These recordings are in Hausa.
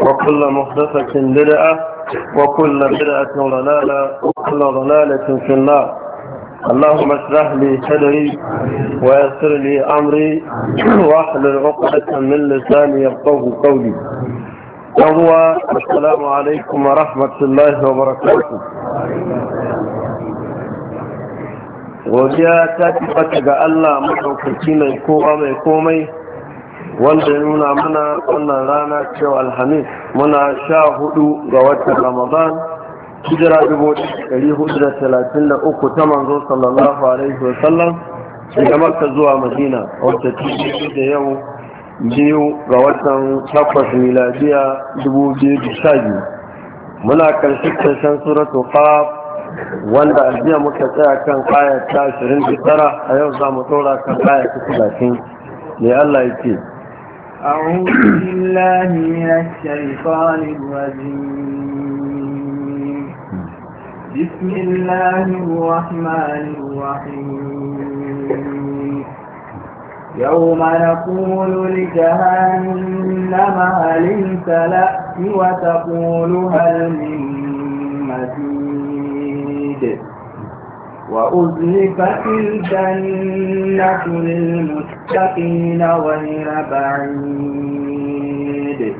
وكل محدثة بدعة وكل بدعة ضلالة وكل ضلالة في النار اللهم اشرح لي صدري ويسر لي أمري واحلل عقدة من لساني يفقه قولي وهو السلام عليكم ورحمة الله وبركاته وجاء ta tabbata ga Allah maɗaukaki mai wanda ya nuna mana wannan rana cewa alhamis muna sha hudu ga watan ramadan hijira dubu ɗari hudu da talatin da uku ta manzo sallallahu alaihi wa sallam daga makka zuwa madina wata ta da yau biyu ga watan takwas miladiya dubu biyu da sha biyu muna karshe karshen suratu qaf wanda aljiya muka tsaya kan kaya ta ashirin da tara a yau za mu tsora kan kaya ta talatin mai Allah ya ce أعوذ بالله من الشيطان الرجيم بسم الله الرحمن الرحيم يوم نقول لجهنم هل امتلأت وتقول هل من مزيد وأزلفت الجنة للمتقين غير بعيد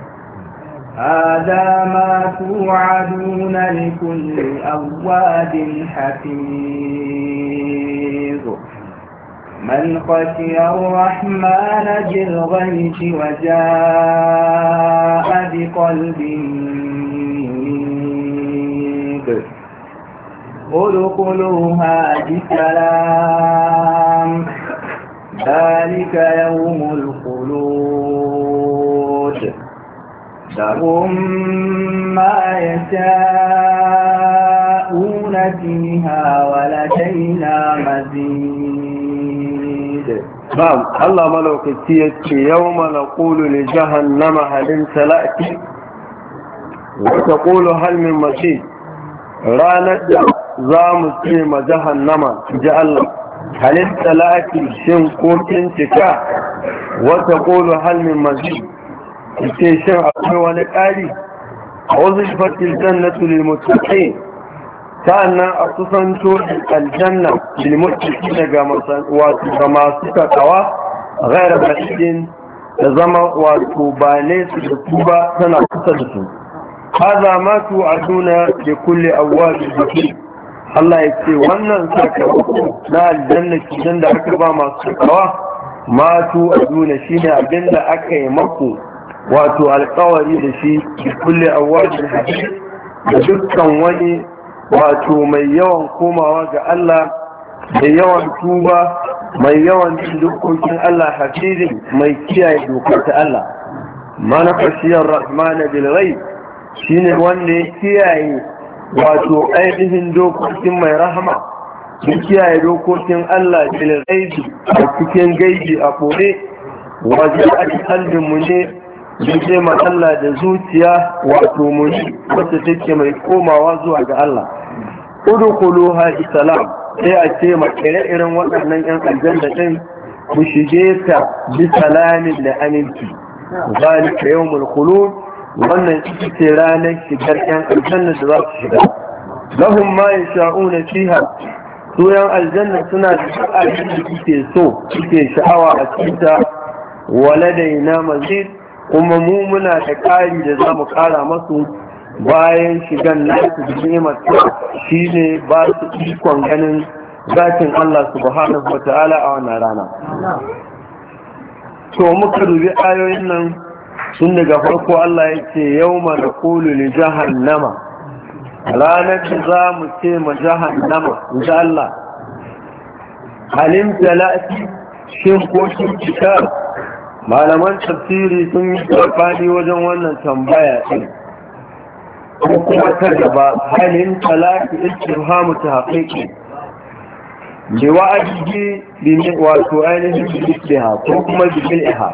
هذا ما توعدون لكل أواد حفيظ من خشي الرحمن بالغيب وجاء بقلب ادخلوها بسلام ذلك يوم الخلود لهم ما يشاءون فيها ولدينا مزيد نعم الله ملوك يوم نقول لجهنم هل انت لأتي وتقول هل من مزيد ranar da za mu ce ma jahannama ji Allah halin talaki shin kokin cika wata kolo halmin mazi ke shin akwai wani ƙari a wasu fatil jannatu lil muttaqin sa'annan a kusanto aljanna lil muttaqin ga wato ga masu takawa ghairu ba'idin da zama wato ba ne su da su ba tana kusa da su هذا da kulle لكل أواب الحكيم Allah ya ce wannan sakamako na aljanna kidan da aka ba masu kawa matu aduna shine abin da aka yi maku wato alkawari da shi kulli awwalin hadith da dukkan wani wato mai yawan komawa ga Allah da yawan tuba mai yawan cin dukkokin Allah hafizin mai kiyaye dokar ta Allah mana fashiyar rahmana bil ghaib shine wanda ya kiyaye wato ainihin dokokin mai rahama da kiyaye dokokin Allah filin aiki a cikin gaibi a kore wajen ake kalbinmu ne da ma Allah da zuciya wato muni wacce take mai komawa zuwa ga Allah kulu haɗi salam sai a ce ma ire-iren waɗannan 'yan da ɗin ku shige ta bi salamin da aminci zalika yau khulud wannan ita ce ranar shigar yan aljanna da za su shiga lahum ma na fiha su yan aljanna suna da sha'ani da suke so suke sha'awa a cikin ta na mazid kuma mu muna da ƙari da za mu ƙara masu bayan shigan su da nemata shi ne ba su ikon ganin zakin Allah subhanahu wa ta'ala a wannan rana. To muka rubi ayoyin nan sun daga farko Allah ya ce yau mana kulu li jahannama ranar da za mu ce ma jahannama insha Allah halim talati shin ko shin cikar malaman tafsiri sun yi karfani wajen wannan tambaya ɗin ko kuma ta gaba halin talati istirhamu ta haƙiƙi bi wa'adi bi wato ainihin bi ko kuma bi bil'iha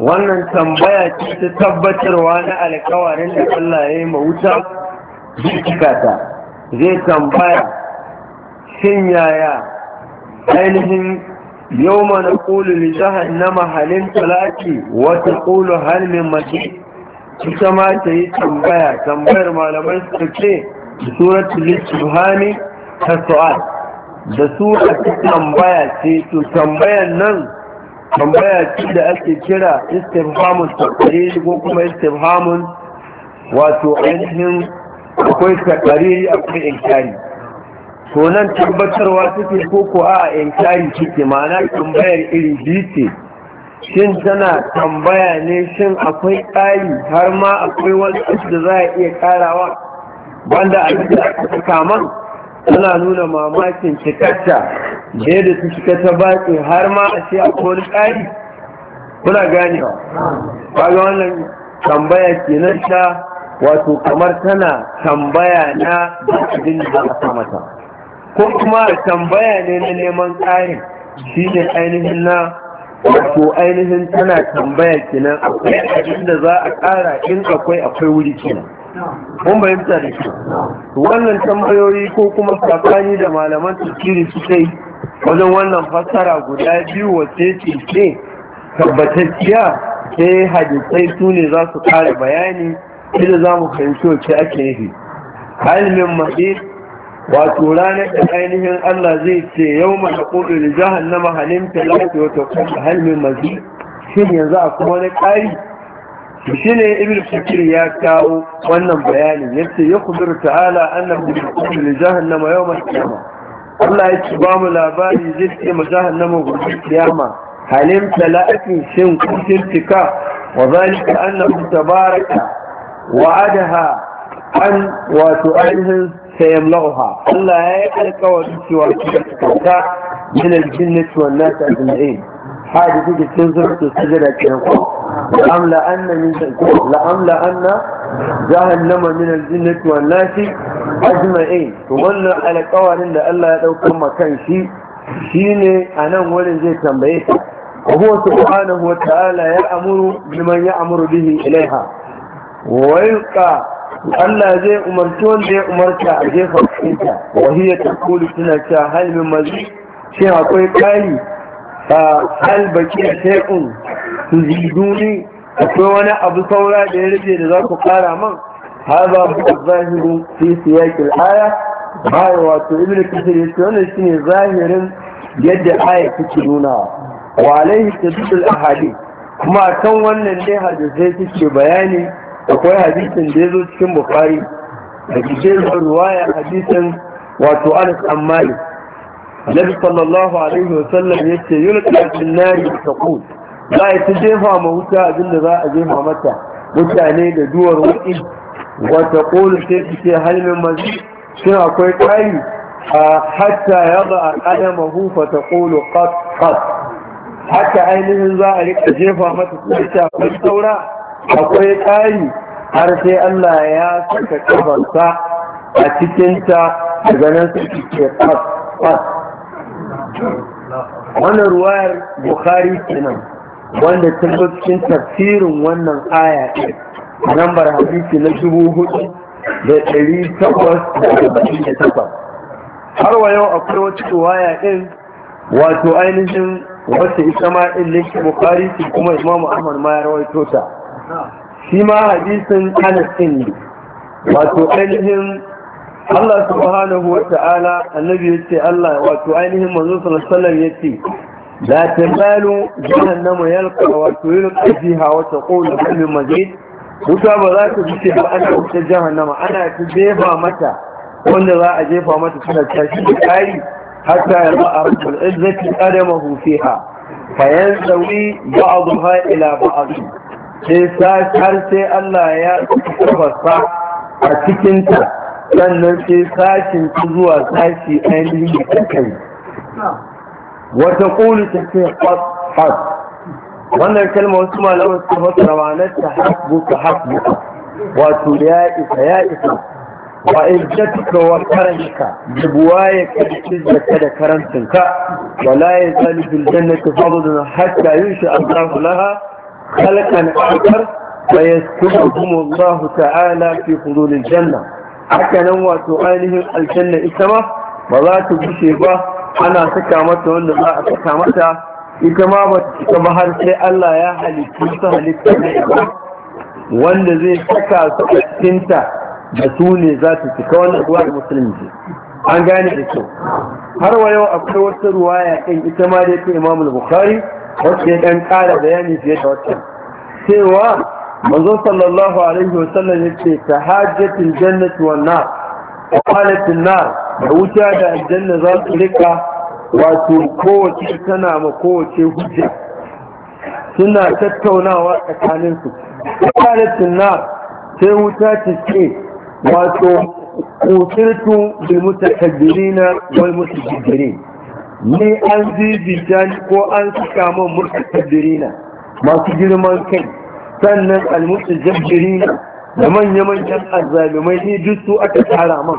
wannan tambaya ce ta tabbatarwa na alkawarin da Allah ya yi ma wuta cikata. zai tambaya shin yaya ainihin yau mana kulu li na Mahalin talaki wata ƙulu halmin mace ita ma ta yi tambaya tambayar malamai suka ce da suratul lissuhani ta su'ad da sura ta tambaya ce to tambayan nan tambaya ce da ake kira istifhamun takariri ko kuma istifhamun wato ainihin akwai takariri akwai inkari to nan tabbatarwa suke ko ko a inkari suke ma'ana tambayar iri biyu ce shin tana tambaya ne shin akwai ƙari har ma akwai wani da za a iya ƙarawa banda a da aka tana nuna mamakin cikakka da yadda su cika ta baƙi har ma a ce a kori ƙari kuna ganewa ga wannan tambaya kenan ta wato kamar tana tambaya na abin da za a sa mata ko kuma tambaya ne na neman ƙarin shi ne ainihin na wato ainihin tana tambaya kenan akwai abin da za a ƙara in akwai akwai wuri kenan mun bayyanta da shi wannan tambayoyi ko kuma sakani da malaman tafsiri su yi wajen wannan fassara guda biyu wace ce ce tabbatacciya sai hadisai su ne za su kare bayani inda za mu fahimci wace ake nufi halmin maɗi wato ranar da ainihin Allah zai ce yau mana kudu da jahannama lafiya wata kuma halmin mazi shin yanzu a kuma na ƙari shi ne ibn Fikir ya kawo wannan bayani yace ya kudur ta'ala annahu bi li jahannama yawm al-qiyama Allah ya ci ba mu labari zai ce mu jahannama gobe kiyama halim tala'atin shin kusin tika wa zalika baraka. Wa wa'adaha an wato ainihin lauha. Allah ya yi alƙawarin cewa kuka ta min al-jinnati wan nas hadi kuke cikin zurfi sujada kenan ku. la'amla anna min la'amla anna jahannama min aljinnati wan nasi ajma'in to wannan alƙawarin da Allah ya ɗaukar makan shi shine a nan wurin zai tambaye ta هو سبحانه وتعالى يأمر بمن يأمر به إليها ويلقى الله زي أمرتون زي أمرتا زي فرحيتا وهي تقول سنة هل من مزيد شيء akwai كالي hal baki shay'un tuziduni akwai wani abu saura da ya rage da za ku kara man hadha huwa zahiru fi ya al Ba ya wato ibnu kathir yace wannan shine zahirin yadda aya take nuna wa alaihi tadul ahadith kuma kan wannan dai hadisai suke bayani akwai hadisin da ya zo cikin bukari da ke ruwaya hadisin wato anas ammali nabi sallallahu alaihi wasallam ya ce yulqa bin nari taqut za a ta jefa ma wuta abinda za a jefa mata mutane da duwar wuƙi wata ƙolu sai su ce halmin mazi shin akwai ƙari a hatta ya ba a ƙadama hufa ta ƙolu ƙat ainihin za a rika jefa mata tsarki akwai saura akwai ƙari har sai Allah ya saka kafarsa a cikinta daga nan su ce ƙat wannan ruwayar bukari kenan wanda ta tafsirin wannan aya ɗin lambar hadisi na dubu hudu da ɗari takwas da ɗari da takwas har wa yau akwai wata ruwaya ɗin wato ainihin wata ita ma ɗin linki bukari ce kuma imamu ahmad ma ya rawaito ta shi ma hadisin anas ne wato ainihin Allah subhanahu wata'ala annabi yace Allah wato ainihin manzo sallallahu alaihi yace la tabalu jahannama yalqa wato yalqa fiha wa taqulu hal mazid wuta ba za ta fice ba ana wuta jahannama ana ta jefa mata wanda za a jefa mata tana tashi da kari hatta ya ba a izzati adamahu fiha fa yanzawi ba'dha ila ba'd sai har sai Allah ya tabbata a cikin ta sannan ce sashin su zuwa sashi ainihin da ta wata ƙulu ta ce has wannan kalma wasu malaman su masu ramanar ta ta hasbuka wato da ya isa ya isa wa izzatuka wa karanka ya ka da ka da karantinka wa laye ta yazalu da jannati fadlun shi an Allahu laha khalqan akhar fa yaskunuhum Allah ta'ala fi hudul jannah haka nan wato ainihin aljanna ita ma ba za ta gushe ba ana saka mata wanda za a saka mata ita ma ba ta cika ba har sai Allah ya halittu su halitta ne wanda zai saka su a cikinta da su ne za ta cika wannan ruwa da musulunci an gane da kyau har wa yau akwai wata ruwaya kan ita ma da ta imamul bukhari wacce ya dan kara bayani fiye da wacce cewa manzo sallallahu alaihi wa sallam yace ta hajjatul jannati wan nar wa qalatin nar da wuta da aljanna za su rika wato kowace tana ma kowace hujja suna tattaunawa tsakanin su qalatin nar sai wuta ta ce wato kutirtu bil mutakabbirina wal mutakabbirin ni an jijita ko an suka man mutakabbirina masu girman kai sannan almusu jabjiri da manya-manyan azzalumai ne duk su aka tara man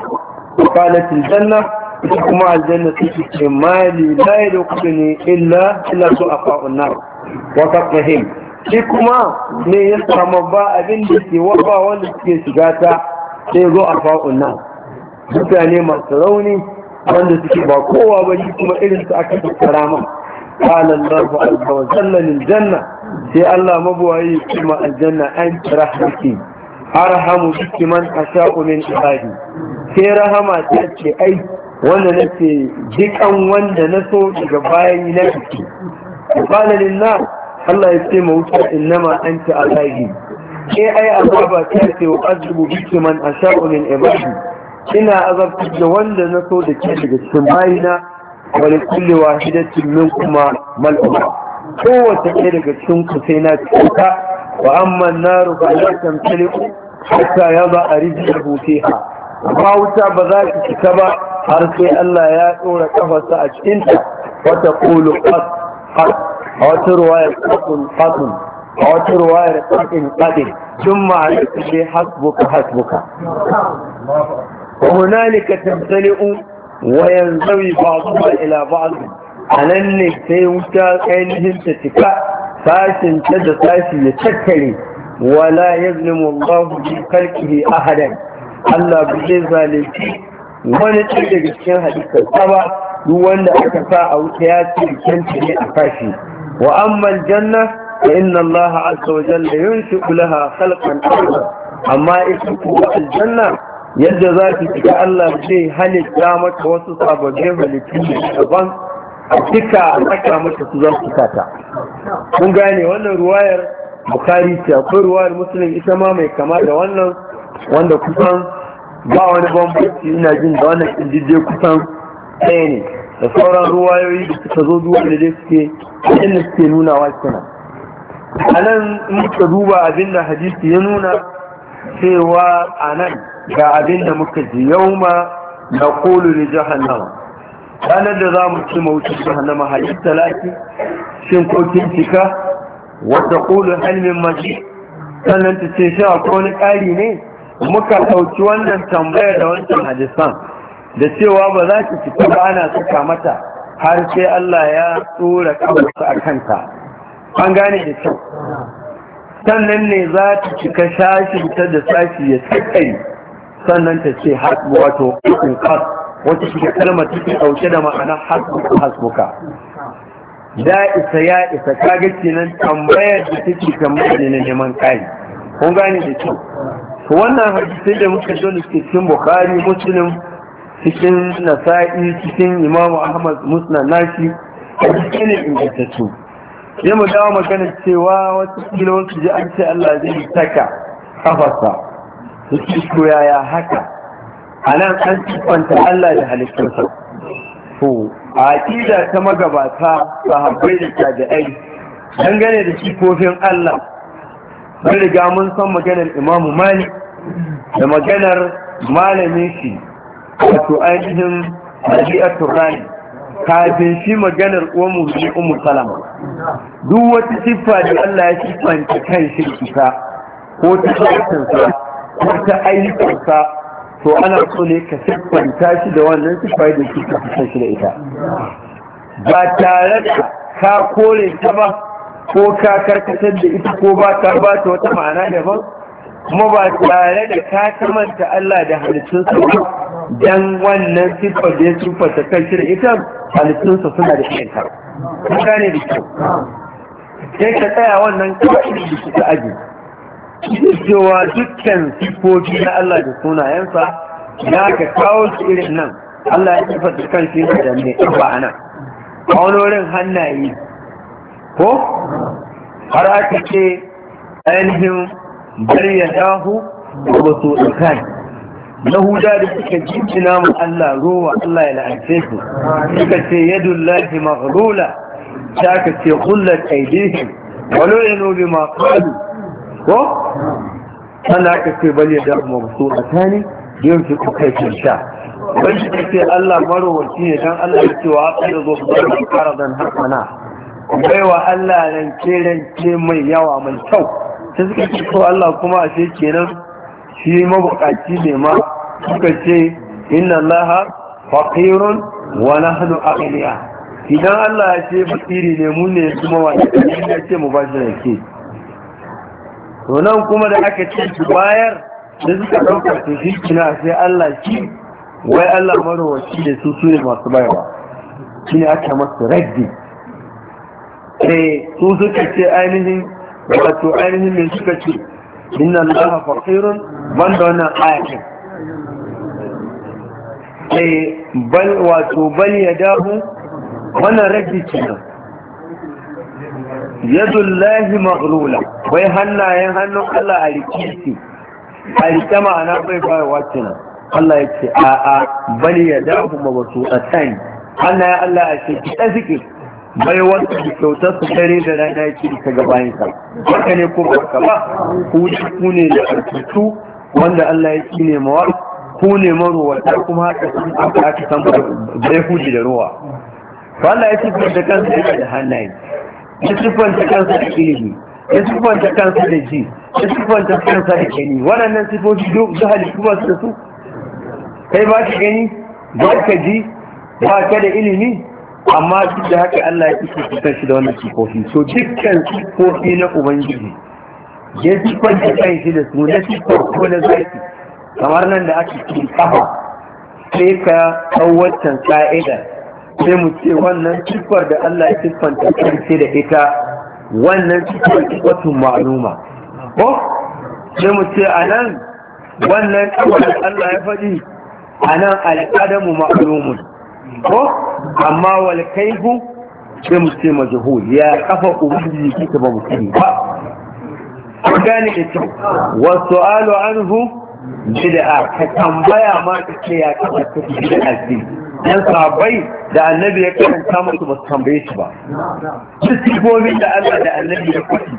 kwalatin janna ita kuma aljanna su ce mali da kudu ne illa illa su a fa'unna wa kafahim shi kuma ne ya samu ba abin da ke waba wanda suke shiga ta sai zo a fa'unna mutane masu rauni wanda suke ba kowa ba shi kuma irin su aka tattara man قال الله عز وجل للجنة في الله مبوعي كما الجنة أنت رحمتي أرحم بك من أشاء من عبادي في رحمة تأتي أي وانا نسي ديك أم وانا نسو جباي نفسي وقال للناس الله يسمى وشاء إنما أنت عبادي في أي أضربة تأتي وأجب بك من أشاء من عبادي ina azabtar da wanda na so da ke daga cikin bayina wani kulle wa hidatin min kuma mal'umma kowace ɗaya daga cikin ku sai na cuta wa amma na rufa ya tamtali hatta ya ba a rijiyar huteha ba wuta ba za ki cika ba har sai Allah ya ɗora kafarsa a cikinta wata kulu a wata wayan zawi ba'duma ila A nan ne sai wuta ainihin ta cika. sashin ta da sashi ya tattare wala yazlimu Allahu bi khalqihi ahadan Allah bi zai zalunci wani ɗin daga cikin hadisar ta duk wanda aka sa a wuta ya ce kanta ne a kashi wa amman janna fa inna Allah azza wa jalla yunshi'u laha khalqan akhar amma ita kuwa aljanna yadda za ki cika Allah zai halitta mata wasu sababbin halittu daban a cika a saka mata su za su ta. kun gane wannan ruwayar bukari ce akwai ruwayar musulun ita ma mai kama da wannan wanda kusan ba wani bambanci ina jin da wannan kindidde kusan ɗaya ne da sauran ruwayoyi da suka zo duwa da dai suke inda suke nunawa kenan a nan in muka duba abin da hadisi ya nuna cewa a nan ga abin da muka ji yau ma na kolu da ranar da za mu ci mawucin jahannama hajji talaki shin kokin cika wata kolu halmin maji sannan ta ce shi wani ƙari ne muka ɗauki wannan tambayar da wancan hadisan da cewa ba za ki fita ba ana saka mata har sai Allah ya tsora kawarsa a kanta an gane da kyau sannan ne za ta cika ta da sashi ya sakai sannan ta ce hasbu wato in kas wata shi kalmar ke ɗauke da ma'anar hasbu hasbuka da isa ya isa ga kenan tambayar da take tambayar ne neman kai kun gane da kyau to wannan hadisi da muka zo da cikin bukhari muslim cikin nasa'i cikin imamu ahmad musnad nashi hadisi ne ingantattu sai mu dawo magana cewa wata kila wasu ji an ce Allah zai saka kafarsa su ci koyaya haka a nan an siffanta Allah da halittarsa to a aƙida ta magabata ba sahabbai da An gane da kofin Allah mun riga mun san maganar Imam Malik da maganar malamin shi wato ainihin Rabi'atul Turani. kafin shi maganar Uwa ne umu salama duk wata siffa da Allah ya siffanta kan kuka, ko ta shirkinsa ko ta ayyukansa to ana so ne ka siffanta shi da wannan siffa da shi ka shi da ita ba tare da ka kore ta ba ko ka karkatar da ita ko ba ta ba ta wata ma'ana daban kuma ba tare da ka kamanta Allah da halittunsa ba dan wannan siffar da ya siffata kan shirin ita halittunsa suna da shi ta kuka ne da kyau sai ka tsaya wannan kawai da shi ta aji cewa dukkan siffofi na Allah da sunayensa ya ka kawo su irin nan Allah ya siffata kan shi da mai ba a wani wurin hannaye ko har aka ce ainihin bal yadahu mabsuutan yahuda da suka jinjina mu Allah rowa Allah ya la'ance su suka ce yadullahi maghlula ta ka ce kullat aidihim walau yanu bima qalu ko Allah ka ce bal yadahu mabsuutan yunfiqu kuka yasha wani da ke Allah marowaci ne don Allah ya ce wa haka da zo ba da fara don hasana na. wa Allah rance rance mai yawa mai kyau sai suka ce ko Allah kuma a ce kenan shi mabukaci ne ma suka ce inna Allah faqirun wa nahnu aghniya idan Allah ya ce fakiri ne mu ne kuma wani ya ce mu ba shi da ke to nan kuma da aka ce su bayar da suka ɗaukar su shi kina sai Allah shi wai Allah marowaci da su su ne masu bayarwa shi ne aka masu raddi sai eh, su suka ce ainihin wato ainihin ne suka ce inna allaha faqirun da wannan ayatin sai eh, bal wato bal ya dahu wannan rage nan. yadullahi maghrula wai hannayen hannun Allah a rike a rike ma'ana bai fara wace nan Allah ya ce a a bal ya dahu mabasuɗatan hannayen Allah a ce ki ɗan bai wanda da kyautar su dare da rana yake ta gabayin sa haka ne ko baka ba ku ku ne da arkitu wanda Allah ya kine mawa ku ne da kuma haka sun aka aka san bai huji da ruwa Allah ya da kansa da hannaye ya sifanta kansa da ilimi ya siffanta kansa da ji ya siffanta kansa da gani waɗannan sifofi duk halittu ba su da su kai ba ka gani ba ka ji ba ka da ilimi amma duk da haka Allah ya isa fitar shi da wannan kofi so dukkan kofi na ubangiji ya ji da kan shi da su na shi ko na zaki kamar nan da aka ce kafa sai ka kawaccen ka'ida sai mu ce wannan siffar da Allah ya siffanta karshe da ita wannan siffar wata ma'aluma ko sai mu ce a nan wannan da Allah ya faɗi a nan al'adamu ma'alumun ko amma wal kaifu sai mu ce majhul ya kafa ubudi kike ba mu kai ba gani gane da kyau wa su'alu anhu bid'a ka tambaya ma ka ce ya kafa kake bid'a ce dan sabai da annabi ya karanta musu ba tambaye shi ba duk sifofin da Allah da annabi ya kwaci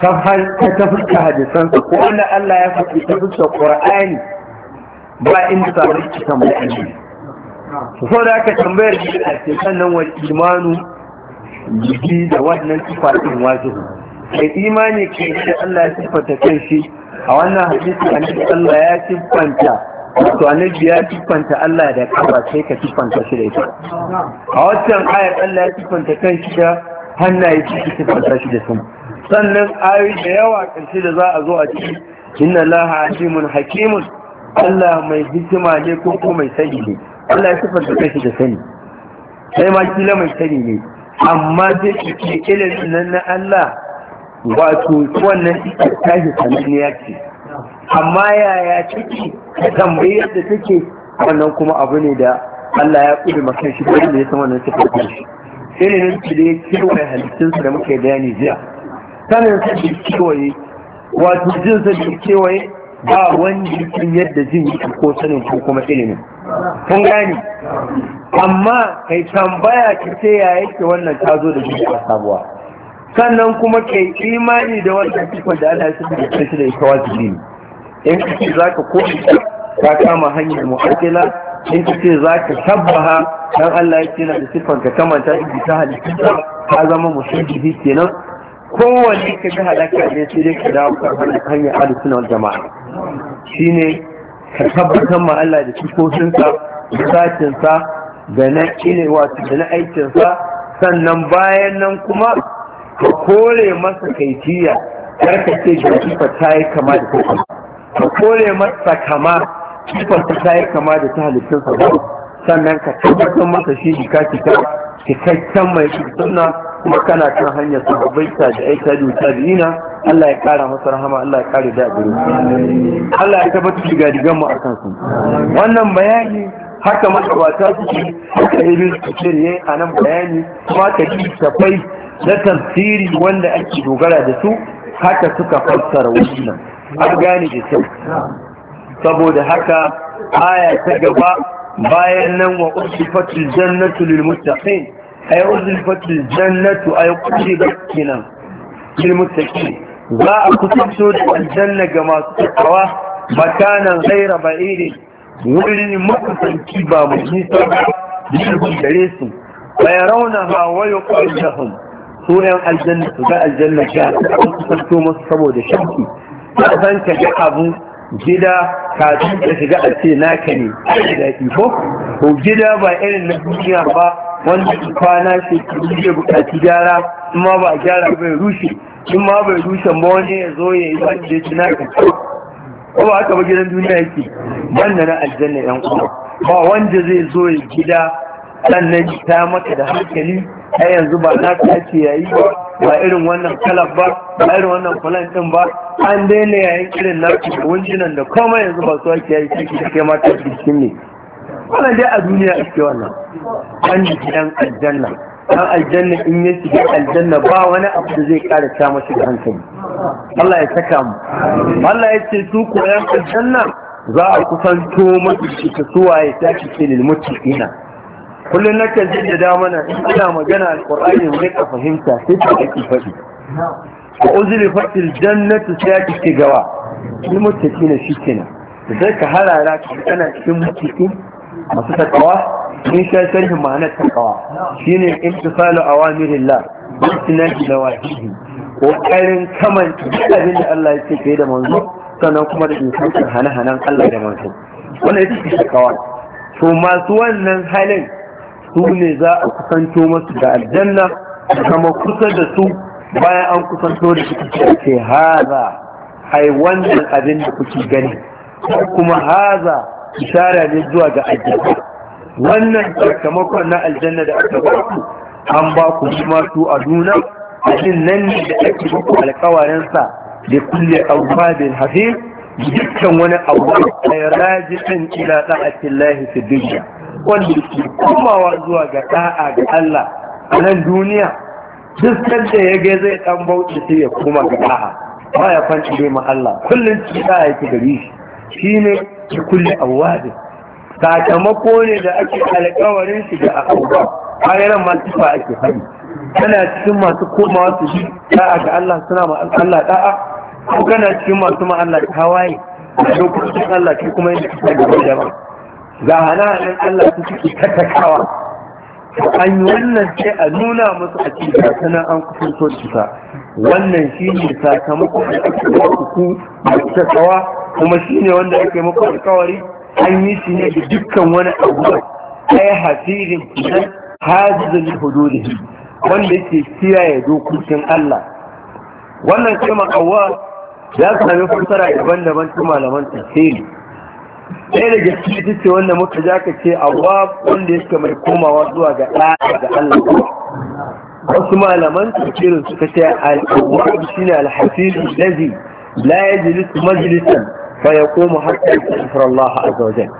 ka ta hadisan hadisansa ko Allah ya faɗi ta fuska Qur'ani ba inda sabai ki tambaye annabi so da aka tambayar a ce sannan wani imanu jiki da wannan sifatin wajen. kai imani ke da Allah ya siffanta kai shi a wannan hadisi nan Allah ya siffanta to nan ya siffanta Allah da kafa sai ka siffanta shi da ita a wancan ayar Allah ya siffanta kan shi da hannaye shi siffanta shi da sun sannan ayoyi da yawa ƙarshe da za a zo a ciki inna laha alimun hakimun Allah mai hikima ne ko ko mai sani ne Allah ya sifar da kashi da sani sai ma kila mai sani ne amma zai ke ilimin nan na Allah wato wannan ita tashi ya ce amma yaya take tambayar da take wannan kuma abu ne da Allah ya kudu makan shi bayan da ya san wannan sifar da shi sai ne nan da ya kewaye halittunsa da muke bayani jiya sanin sa da kewaye wato jinsa da kewaye ba wani jikin yadda jin ko sanin ko kuma ilimin kun gani amma kai tambaya ce ya yake wannan ta zo da shi a sabuwa sannan kuma kai imani da wannan cikin da Allah ya sani da shi da ita wajibi ne in kace zaka za ka kama hanyar mu'addila in kace zaka tabbaha dan Allah yake yana da sifan ka kamanta shi ta halitta ka zama mushabbihi kenan kowanne ka ji halaka ne sai dai ka dawo kan hanyar ahlus jama'a shine ka tabbatar ma Allah da cikosinsa, da da na ile wato da na aikinsa sannan bayan nan kuma ka kore masa kaifiya kar ka ce ga kifa ta yi kama da ta ka kore masa kama kifa ta yi kama da ta halittunsa ba sannan ka tabbatar masa shi jika cika cikakken mai suna kuma kana kan hanyar sahabbaita da aita da tabi'ina Allah ya kara masa rahama Allah ya kare da Allah ya tabbata diga digan mu akan su wannan bayani haka matsawata suke haka ibn kasir yayi a nan bayani kuma ka ji tafai na tafsiri wanda ake dogara da su haka suka fassara wannan an gane da kyau saboda haka aya ta gaba bayan nan wa usifatul jannatu lil muttaqin ay uzlifatil jannatu ay qudibat kinan lil muttaqin za a kusanto da aljanna ga masu takawa makanan ba ba'iri wurin makusanci ba mu nisa ba gare su wa da wa yuqallahum yan aljanna su ga aljanna ga kusanto musu saboda shakki san ka ga abu gida kafin ka shiga a ce naka ne daɗi ko ko gida ba irin na duniya ba wanda kwana ke zai bukaci gyara in ma ba a gyara bai rushe in ma bai rushe ba wani ya zo ya yi da ya tuna ka ko ba aka ba gidan duniya yake banda na aljanna yan kuma ba wanda zai zo ya gida sannan ta maka da hankali a yanzu ba na ta ce yayi ba ba irin wannan kalab ba ba irin wannan kulan din ba an daina yayin irin na wunjinan da komai yanzu ba su ake yayi ciki da kai mata cikin ne wannan dai a duniya ake wannan an gidan aljanna dan aljanna in ya shiga aljanna ba wani abu da zai kara ta mashi da hankali Allah ya saka mu Allah ya ce su koyan aljanna za a kusanto masu ta ya ta ce lil na kullun nake da damana in ana magana alqur'ani mai ka fahimta sai ta ake faɗi wa uzuri aljannatu sai ta gawa lil muttaqina shikenan zai ka harara kana cikin muttaqin masu takawa mun sha sharhin ma'anar takawa shine imtisalu awamirillah wasnati nawahihi kokarin kamanta duk abin da Allah ya ce kai da manzo sannan kuma da insancin hana-hanan Allah da manzo wannan ita ce takawa to masu wannan halin su ne za a kusanto masu da aljanna kama kusa da su bayan an kusanto da shi ce haza ai wannan abin da kuke gani kuma haza ishara ne zuwa ga aljanna wannan sakamakon na aljanna da aka ba ku an ba ku kuma su a duna abin nan ne da ake muku sa da kulle awwabin hafi. dukkan wani abu a rajin ila ta'atin lahi fi dunya wanda ke komawa zuwa ga da'a ga Allah a nan duniya Duk da ya ga zai dan bauchi sai ya koma ga da'a ba ya fanci bai ma Allah kullum ci da'a yake gari shi Shi shine da kulli awwabin sakamako ne da ake alƙawarin shi da Har bayanan masu tufa ake fari kana cikin masu komawa su ji da'a ga Allah suna ma Allah da'a ko kana cikin masu ma Allah hawaye da lokacin Allah ke kuma yin cikin da jama'a ga hana-hanan Allah su suke tattakawa an yi wannan sai a nuna musu a cikin sanan an kusanto cuta wannan shi ne sakamakon da ake ku da tsawa kuma shi ne wanda ake muku alkawari an yi shi ne da dukkan wani abu ɗaya hafirin kudan hajjizin hududin wanda ke kiyaye dokokin Allah wannan kalma awwa ya sami fassara daban-daban ta malaman tafsiri ɗaya daga cikin ce wanda muka ja ka ce awwa wanda yake mai komawa zuwa ga ɗaya ga Allah wasu malaman tafsirin suka ce al-awwa shine al-hafirin lazi la yajlisu majlisan fa ya koma hatta yastaghfir Allah azza wa jalla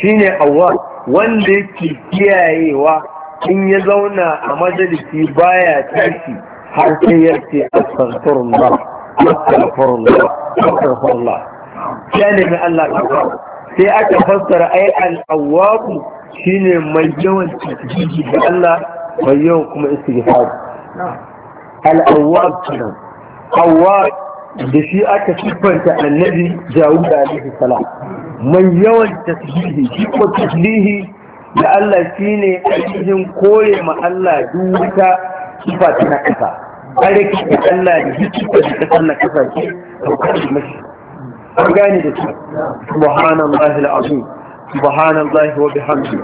shine awwal wanda yake kiyayewa in ya zauna a majalisi baya tashi har sai ya ce astaghfirullah astaghfirullah astaghfirullah kalimi Allah ta sai aka fassara ai al-awwab shine mai yawan tasbihi ga Allah mai yawan kuma istighfar al-awwab kenan awwab da shi aka siffanta annabi Dawud alaihi salam man yawan tasbihi shi ko tasbihi da Allah shine cikin kore ma Allah duk wata sifa ta kasa barki da Allah da hikima da ta na kasa shi to kai mashi an gane da shi subhanallahi alazim subhanallahi wa bihamdi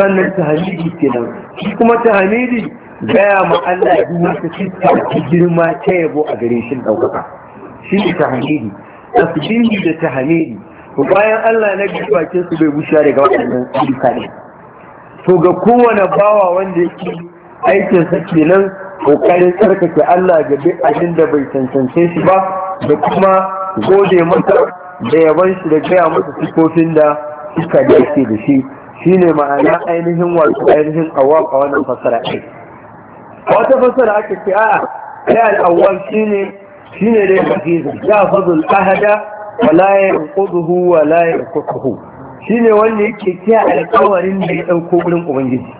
sannan tahmidi kenan shi kuma tahmidi gaya ma Allah duk wata sifa ta girma ta yabo a gare shi daukaka shi ne ta tasbihi da tahmidi to bayan Allah na ga bakin su bai bushe daga wannan ayyuka ne to ga kowane bawa wanda yake aikin sa kenan kokarin tsarkake Allah ga duk abin da bai cancance shi ba da kuma gode masa da yaban shi da gaya masa sifofin da suka dace da shi shine ma'ana ainihin wato ainihin awwal a wannan fasara ɗin wata fasara ake ce a'a kai al-awwal shine shine dai hafizu fadul ahada wala yanquduhu wala Shi shine wanda yake kiya alƙawarin da ya dauko gurin ubangiji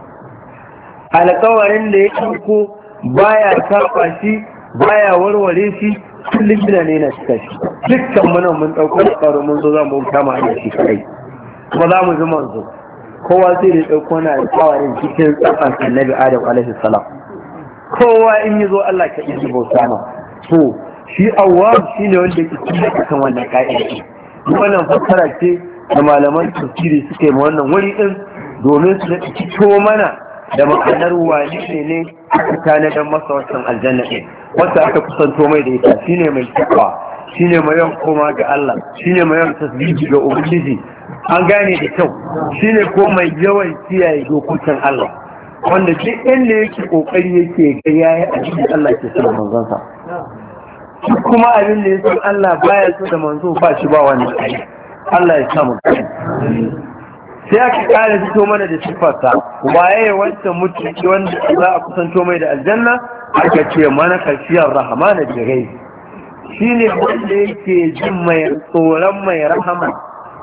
alƙawarin da ya dauko baya saba shi baya warware shi kullum gina ne na cika shi dukkan mana mun dauko alƙawarin mun zo za mu bauta ma shi kai kuma za mu zama zo kowa sai da dauko na alƙawarin cikin tsafan annabi Adam alaihi salam kowa in yi zo Allah ka yi bauta ma to shi awwab shine wanda ke kuma kan wannan ka'ida wannan fassara ce da malaman tafsiri suka yi wannan wuri din domin su fito mana da ma'anar wani ne ne aka tanadar masa wasan aljanna wanda aka kusanto mai da ita shine mai takwa shine mai yawan koma ga Allah shine mai yawan tasbihi ga ubangiji an gane da kyau shine ko mai yawan kiyaye dokokin Allah wanda duk inda yake kokari yake ga yayi a cikin Allah ke son manzansa kuma abin da ya san Allah baya so da manzo ba shi ba wani Allah ya samu sai aka kare fito mana da sifarsa waye wanda mutunci wanda za a kusanto mai da aljanna aka ce mana kashiyar rahmana da gai shi ne wanda yake jin mai tsoron mai rahama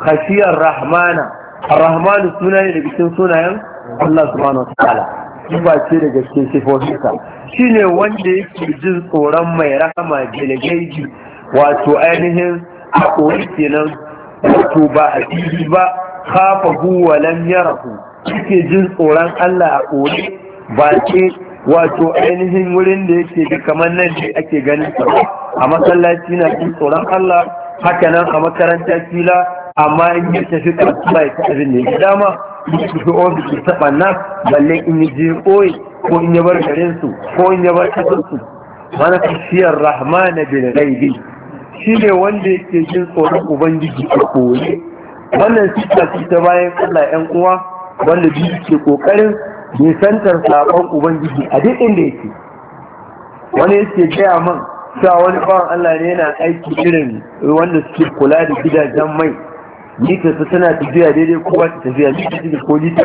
kashiyar rahmana rahmanu suna ne da bikin sunayen Allah subhanahu wa ta'ala ba ce daga cikin sifofinsa shine wanda yake jin tsoron mai rahama gelagaibi wato ainihin haƙori kenan wato ba a fili ba kafa huwa yarafu, yake jin tsoron Allah a ƙori ba ce wato ainihin wurin da yake da kamar nan da ake ganin sa a masallaci na jin tsoron Allah haka nan a makarantar fila. amma in yi tafi kasuwa ya ta abin da ya dama in ya ofis taɓa na balle in ya je koyi ko in ya bar garinsu ko in ya bar ƙasarsu mana tafiyar rahmana bin raibi shi ne wanda yake jin tsoron ubangiji a koyi wannan sita ce ta bayan kalla yan uwa wanda biyu ke kokarin nisantar saƙon ubangiji a duk inda yake wani yake gaya man cewa wani bawan allah ne yana aiki irin wanda suke kula da gidajen mai litar suna tana tafiya daidai ko ba ta tafiya litar su ko lita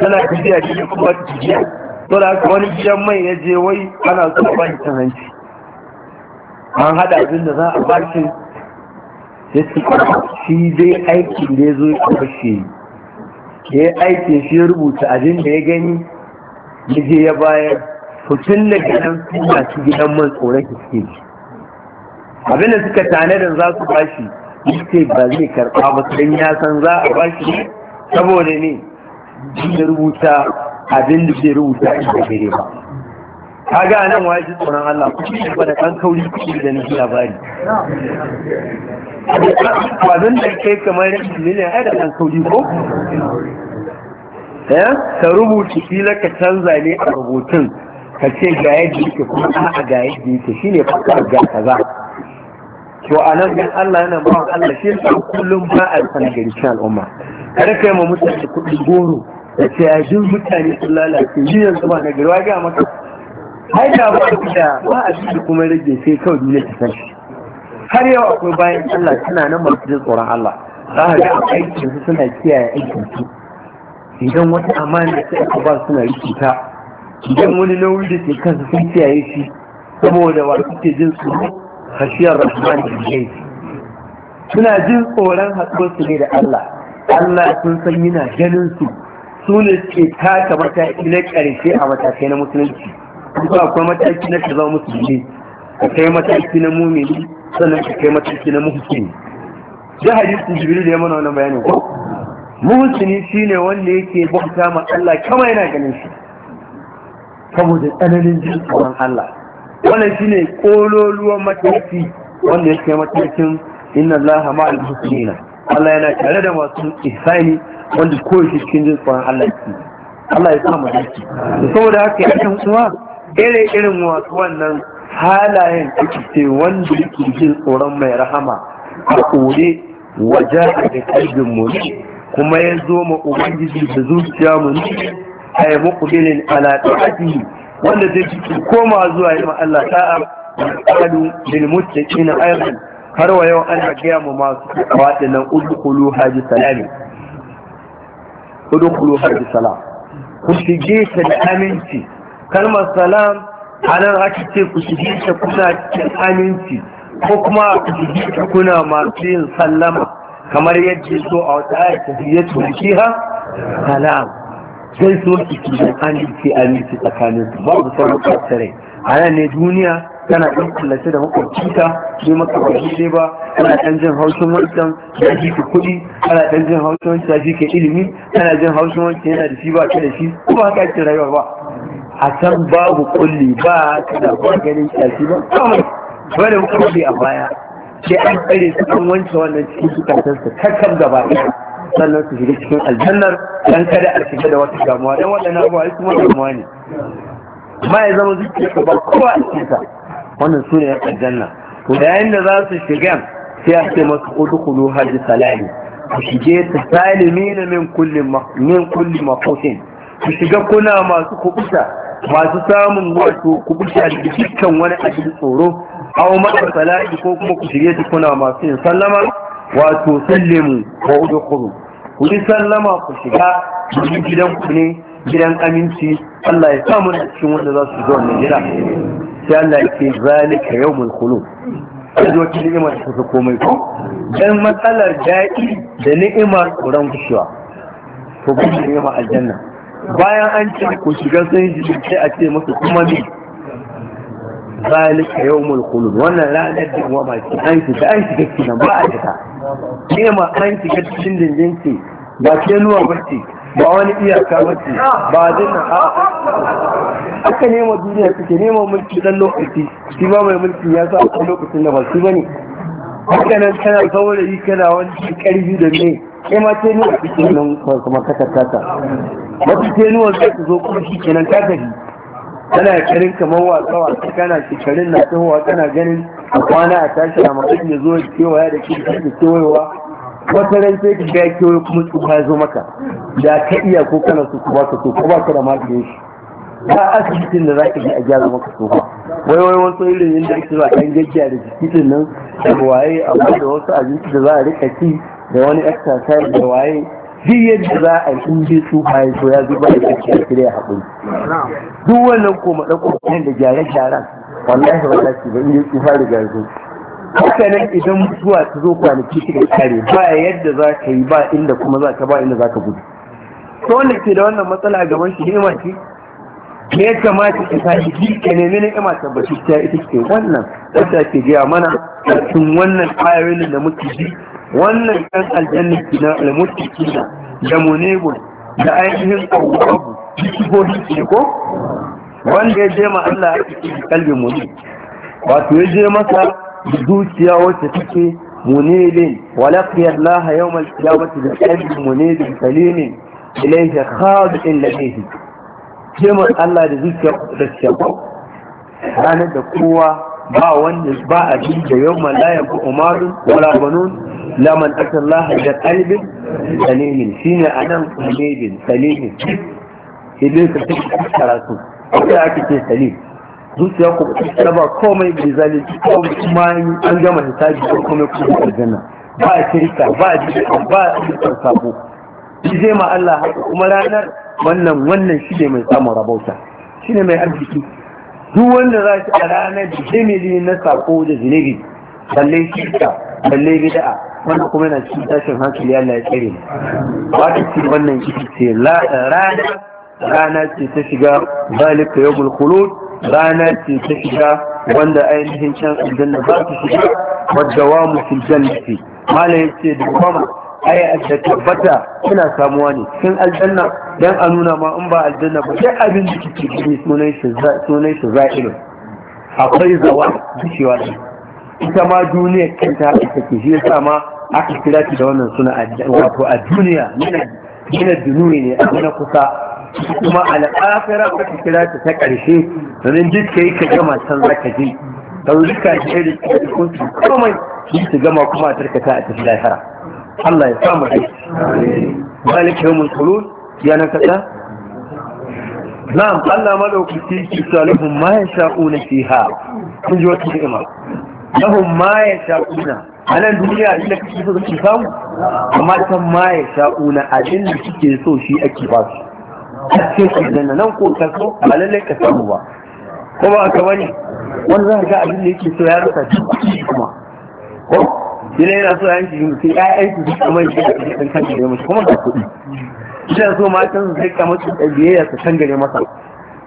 tana tafiya daidai ko ba ta tafiya to da haka wani gidan mai ya je wai ana so a bani cin hanci an haɗa abin da za a bashi ya ce shi dai aikin da ya zo ya kwashe ya yi aiki shi ya rubuta abin da ya gani ya je ya bayar hutun da gidan su masu gidan man tsoron suke abin da suka tanadin za su bashi yake ba zai karɓa ba dan ya san za a ba shi saboda ne ya rubuta abin da zai rubuta a da gare ba ga nan wa shi tsoron Allah ku shi ba da kan kauri kuɗi da nufi labari ba zan da kai kamar miliyan ai da kan kauri ko ya eh, ka rubuta kila ka canza ne a rubutun ka ce ga yadda yake kuma a ga yadda yake shine fakar ga kaza to a nan in Allah yana ba Allah shi yasa kullum ba a san gari shi al'umma kada kai ma mutane kuɗi goro da ce a jin mutane sun lalace shi yanzu ba na gari wajen maka ai da ba da ba a cikin kuma rage sai kawai duniya ta san har yau akwai bayan Allah suna nan masu jin tsoron Allah za a ga aikin su suna kiyaye aikin su idan wata amana ta aka ba suna ta idan wani nauyi da ke kansa sun kiyaye shi saboda wasu ke jin tsoro khashiyar rahman bil ghaib suna jin tsoron haɗuwar su ne da Allah Allah sun san yana ganin su su ne suke taka mataki na ƙarshe a matakai na musulunci kuma akwai mataki na ka zama musulmi ka kai mataki na mumini sannan ka kai mataki na muhsini da hadisin Jibiru da ya mana wannan bayanin ko muhsini shine wanda yake bauta ma Allah kama yana ganin shi saboda tsananin jin tsoron Allah wannan shine kololuwan mataki wanda yake matakin inna Allah allaha ma'al muhsinina Allah yana tare da masu ihsani wanda shi cikin jin tsoron Allah yake Allah ya sa mu dace saboda haka ya kan kuma ire irin wasu wannan halayen ce wanda yake jin tsoron mai rahama a kore wajen a da kalbin mu kuma ya zo ma ubangiji da zuciya mu ne a yi ala alaƙa'atihi wanda zai ci koma zuwa yi Allah ta'a qalu lil muttaqina ayran har wa yau ana gaya mu masu wadannan udkhulu haji salami udkhulu haji salam ku shige ta da aminci kalmar salam a nan ake ce ku shige ta kuna cikin aminci ko kuma ku shige ta kuna masu yin sallama kamar yadda ya so a wata ayat ta fiye tukiha salam gaisuwar ki da aminci aminci tsakanin su babu sauran kwasarai a nan ne duniya tana ɗan kullace da makwabcinta ta. maka ba ne ba ana ɗan jin haushin wancan ya ji ka kuɗi ana ɗan jin haushin wancan ya ji ka ilimi ana jin haushin wancan yana da shi ba ka da shi ko ba ka ce rayuwa ba a can babu kulli ba Kana da ba ganin kyashi ba kawai bare kulli a baya sai an tsare su an wancan wannan cikin zukatansa kakkab gaba ɗaya sannan su shiga cikin aljannar dan kada a shiga da wata damuwa dan waɗannan abubuwa su kuma damuwa ne ma ya zama zuciya ba kowa a cikin ta wannan sune yan aljanna to yayin da za su shiga sai a ce masu udkhulu hajji salami ku shige ta salimin min kulli min kulli mafusin ku shiga kuna masu kubuta masu samun wato kubuta da dukkan wani abin tsoro aw ma'a salati ko kuma ku shige ta kuna masu yin sallama wato sallimu wa kuru ku yi sallama ku shiga gidan ku ne gidan aminci Allah ya sa mu cikin wanda za su zo wannan gida sai Allah ya ce zalika yawmul khulud da zo cikin ni'imar da su komai ko dan matsalar da'i da ni'imar tsoron kushewa to ba ni'imar aljanna bayan an ce ku shiga sai ji sai a ce masa kuma ne zalika yawmul khulud wannan ranar da wa baki an shiga an shiga cikin ba a shiga ne ma an shiga cikin dindin ce ba ke nuwa bace ba wani iyaka bace ba dinnan a aka nema duniya take nema mulki dan lokaci shi ma mai mulki ya sa a lokacin da ba shi bane haka nan kana saurayi kana wani karfi da ne kai ma ce nuwa cikin nan kuma kaka kaka wata ce nuwa zai zo kuma shi kenan ka kana karin kamar wasa wasa kana shekarun na tsohuwa kana ganin a kwana a tashi a mutum ya zo kewaya da ke da kewayewa wata ran sai ka ga kewaye kuma tsufa ya zo maka da ka iya ko kana so ko baka so ko baka da magani shi ba asibitin da za ka je a gyara maka tsofa wai wai wasu irin yin da ake zuwa kan gajiya da jiki nan da waye a da wasu abinci da za a rika ci da wani exercise da waye duk yadda za a yi in su bayan so ya zuba da kake da ya haƙuri duk wannan ko maɗaukokin da gyare gyaran. wallahi ba za su ba inji su fara gyare haka nan idan mutuwa ta zo kwanaki suka kare ba yadda za ka yi ba inda kuma za ka ba inda za ka gudu to wanda ke da wannan matsala gaban shi ni'ima ce me ya kamata ka sa shi ka nemi na ni'ima tabbaci ta ita ce wannan wacce ke gaya mana cikin wannan ƙwayoyin da muke ji wannan kan aljanna kina almutakina da munibun da ainihin tsawabu sifofi ne ko wanda ya je ma Allah ya cikin kalbin muni wato ya je masa zuciya wacce take munilin walaqiya Allah yawm al-qiyamati bi qalbin munilin salimin ilayhi khadi'in ladayhi je ma Allah da zuciya da shi ranar da kowa ba wanda ba a ji da yau ma la yaku umarun wala banun la man atallaha da qalbin salimin shine anan qalbin salimin idan ka tafi karatu akwai ake ce salim zuciya ku ta ba komai bai zalunci komai kuma an gama hisabi ko komai kuma aljanna ba a shirka ba a jika ba a jikin sabo shi zai ma Allah haka kuma ranar wannan wannan shi ne mai samun rabauta shi ne mai arziki duk wanda za shi a ranar jimili na sako da zunubi balle shirka balle wanda kuma yana cikin tashin hankali Allah ya tsare ba ta ci wannan ce rana rana ce ta shiga zalika yawmul khulud rana ce ta shiga wanda ainihin can aljanna ba ta shiga wadda wa mu fil jannati ce da kuma ai da tabbata ina samuwa ne kin aljanna dan a nuna ma in ba aljanna ba sai abin da kike gani sunan shi sunan shi za'ilun akwai zawa cewa ne ita ma duniya kanta haka ke shi yasa ma aka kira ta da wannan suna wato a duniya mina dunuri ne a na kusa kuma al'afira aka kira ta ta karshe domin duk yi ka gama can zaka je ka rika da shi da cikin komai shi gama kuma a tarkata a tafi lahira Allah ya samu rai malik yawmul khulud ya nan kada na'am Allah madaukaki ki salihun ma ya yasha'una fiha kun ji wata ni'ima lahum ma ya sha'una. a nan duniya inda kake so ke samu amma san ma yasha'una a inda kike so shi ake ba su a cikin na nan ko ka so a lallai ka samu ba ko ba ka bane wani za ka ga abin da yake so ya rasa shi kuma ko ina yana so yanki sai ƴaƴan su suka mai shi da kan kan da mashi kuma ga kuɗi ina so matan su sai kamar su biyayya su kan gare masa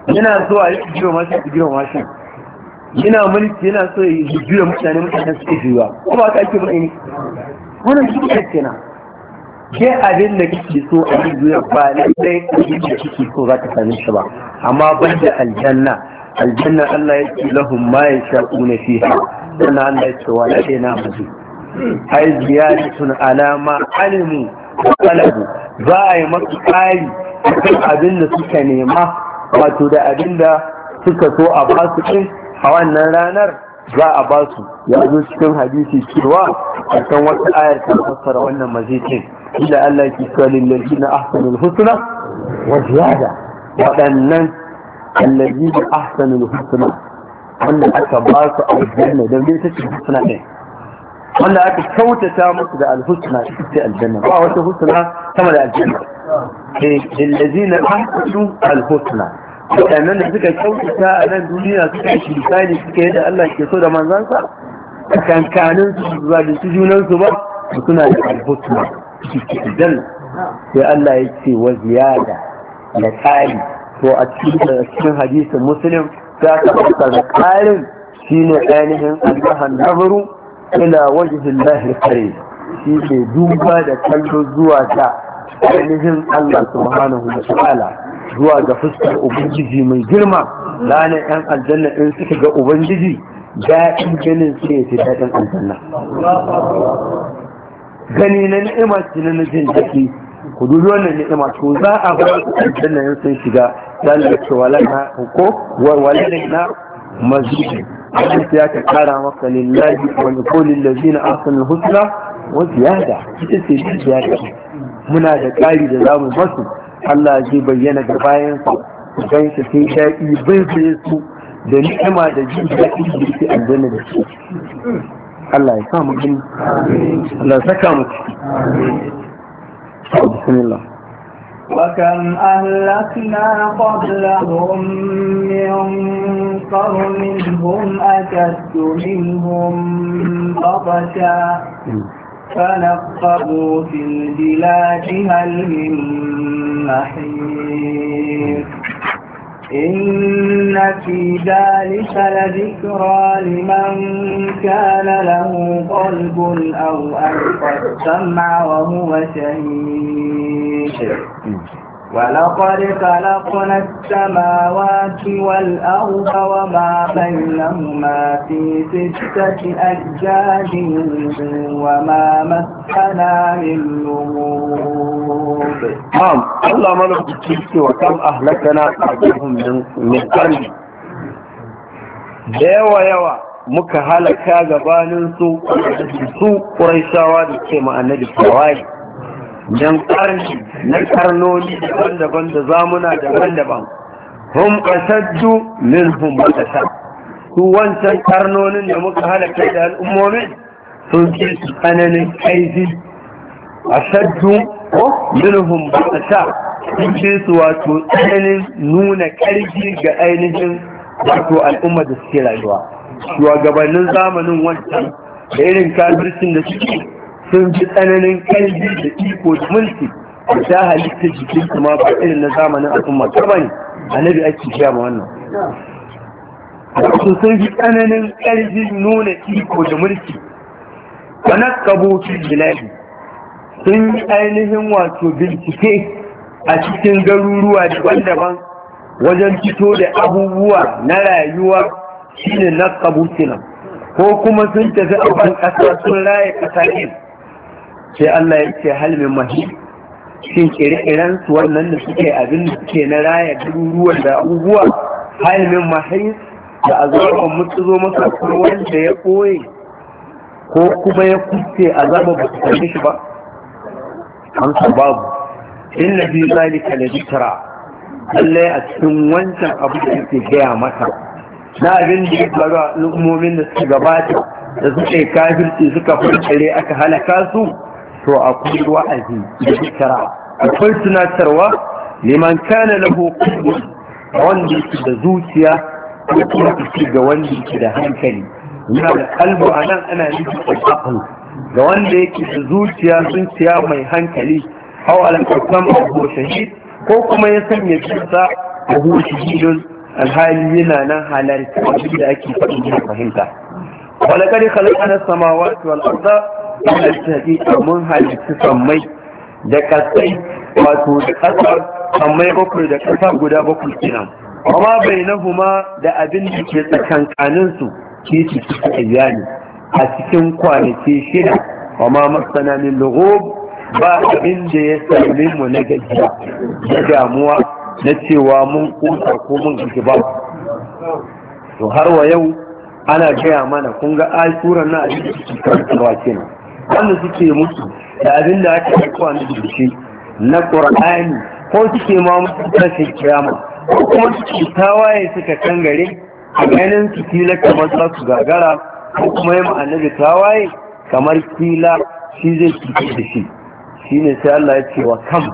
yana so a yi jiwa mashi a jiwa mashi yana mulki yana so yi juya mutane mutane su ke juya ko ba ka ake ba ne wannan shi ne kenan ke abin da kake so a yi juya ba lallai abin da kake so za ka sami shi ba amma ban da aljanna aljanna Allah ya ce lahum ma yasha'una fiha sannan Allah ya ce wa ladaina mazid ai ziyaratun alama alimu talabu za a yi masu ƙari kan abin da suka nema wato da abin da suka so a basu ɗin a wannan ranar za a basu ya zo cikin hadisi cewa a kan wata ayar ta fassara wannan mazikin inda Allah ke cewa lillahi na ahsanul husna wa ziyada waɗannan allazi da ahsanul husna wanda aka ba su aljanna da bai ta ce husna ɗin wanda aka kyautata musu da alhusna ita aljanna ba wata husna sama da aljanna eh, illazina ahsanu alhusna wadannan da suka kyautata a nan duniya suka yi shirkani suka yi da Allah ke so da manzansa kankanin su ba da su junan su ba suna da alhusna aljanna sai Allah ya ce wa ziyada da kari to a cikin hadisin muslim sai aka da karin shine ainihin aljahan nabaru ila wajihin lahi kare shi ne duba da kallo zuwa ta ainihin Allah subhanahu wa ta'ala zuwa ga fuskar ubangiji mai girma ranar yan aljanna in suka ga ubangiji daɗin ganin sai fi daɗin aljanna gani na ni'ima ce na jin daɗi ku dubi wannan ni'ima to za a ba su aljanna in sun shiga za a cewa lana mazidi Allah ya ka kara maka lillahi wa likulil ladina ahsanu husna wa ziyada ita ce ziyada muna da kari da zamu masu Allah zai bayyana da bayan su dan su sai daɗi bai su da ni'ima da jin daɗi da ke aljanna da su Allah ya sa mu gani Allah saka mu ciki بسم الله وكم أهلكنا قبلهم من قرن هم أكد منهم بطشا فنقبوا في البلاد هل من محيط إن في ذلك لذكرى لمن كان له قلب أو ألقى السمع وهو شهيد ولقد خلقنا السماوات والأرض وما بينهما في ستة أجاد وما مسحنا من لغوب نعم الله ملك الكيس وكم أهلكنا قبلهم من قرن يوا يوا muka halaka gabanin su su ƙuraishawa da ke ma'anar da don ƙarni na ƙarnoni daban-daban da zamuna daban-daban hum ƙasaddu min hum ƙasa su wancan ƙarnonin da muka halaka da al'ummomin sun ce su tsananin kaifi asaddu ko min hum ƙasa sun ce su wato tsananin nuna ƙarfi ga ainihin wato al'umma da suke rayuwa shugabannin zamanin wancan da irin kafircin da suke sun ji tsananin kalbi da iko da mulki da ta halitta jikin kuma ba irin na zamanin al'umma ta bane annabi ake shi ma wannan sun sun ji tsananin kalbi nuna iko da mulki A naqabu fi biladi sun yi ainihin wato bincike a cikin garuruwa daban-daban wajen fito da abubuwa na rayuwa shine na kenan ko kuma sun tafi a ban ƙasa sun raye ƙasa sai Allah ya ce halmin mahi shin kire-kiren su wannan da suke abin da suke na raya dururuwan da abubuwa halmin mahi da azaban mutu zo masa ko wanda ya koye ko kuma ya kuce azaba ba su kalli shi ba amsa babu inna fi zalika la dhikra lallai a cikin wancan abu da yake gaya masa na abin da ya faru al'ummomin da suka gabata da suka yi kafirci suka furtare aka halaka su to akwai wa'azi da zikira akwai tunatarwa liman kana lahu qulbun wanda yake da zuciya ko kuma yake ga wanda yake da hankali yana da a nan ana nufin aqal ga wanda yake da zuciya zuciya mai hankali hau al abu shahid ko kuma ya sanya kansa abu shahidun alhali yana nan halarci abin da ake faɗi da fahimta ana samawa السماوات والأرض wanda ta mun halittu sammai da kasai wato da kasar sammai bakwai da kasa guda bakwai kenan amma bai na huma da abin da ke tsakankanin su ke cikin ayyani a cikin kwanaki shida amma masana min ba abin da ya same mu na gajiya da damuwa na cewa mun kusa ko mun gaji ba to har wa yau ana gaya mana kun ga ai na a cikin ke wanda suke mutu da abin da aka yi kowa na jirgin na ƙur'ani ko suke ma musu tashin kiyama ko kuma suke tawaye suka kangare a ganin su kila kamar za su gagara ko kuma yi annabi tawaye kamar kila shi zai cutar da shi shi ne sai Allah ya ce wa kam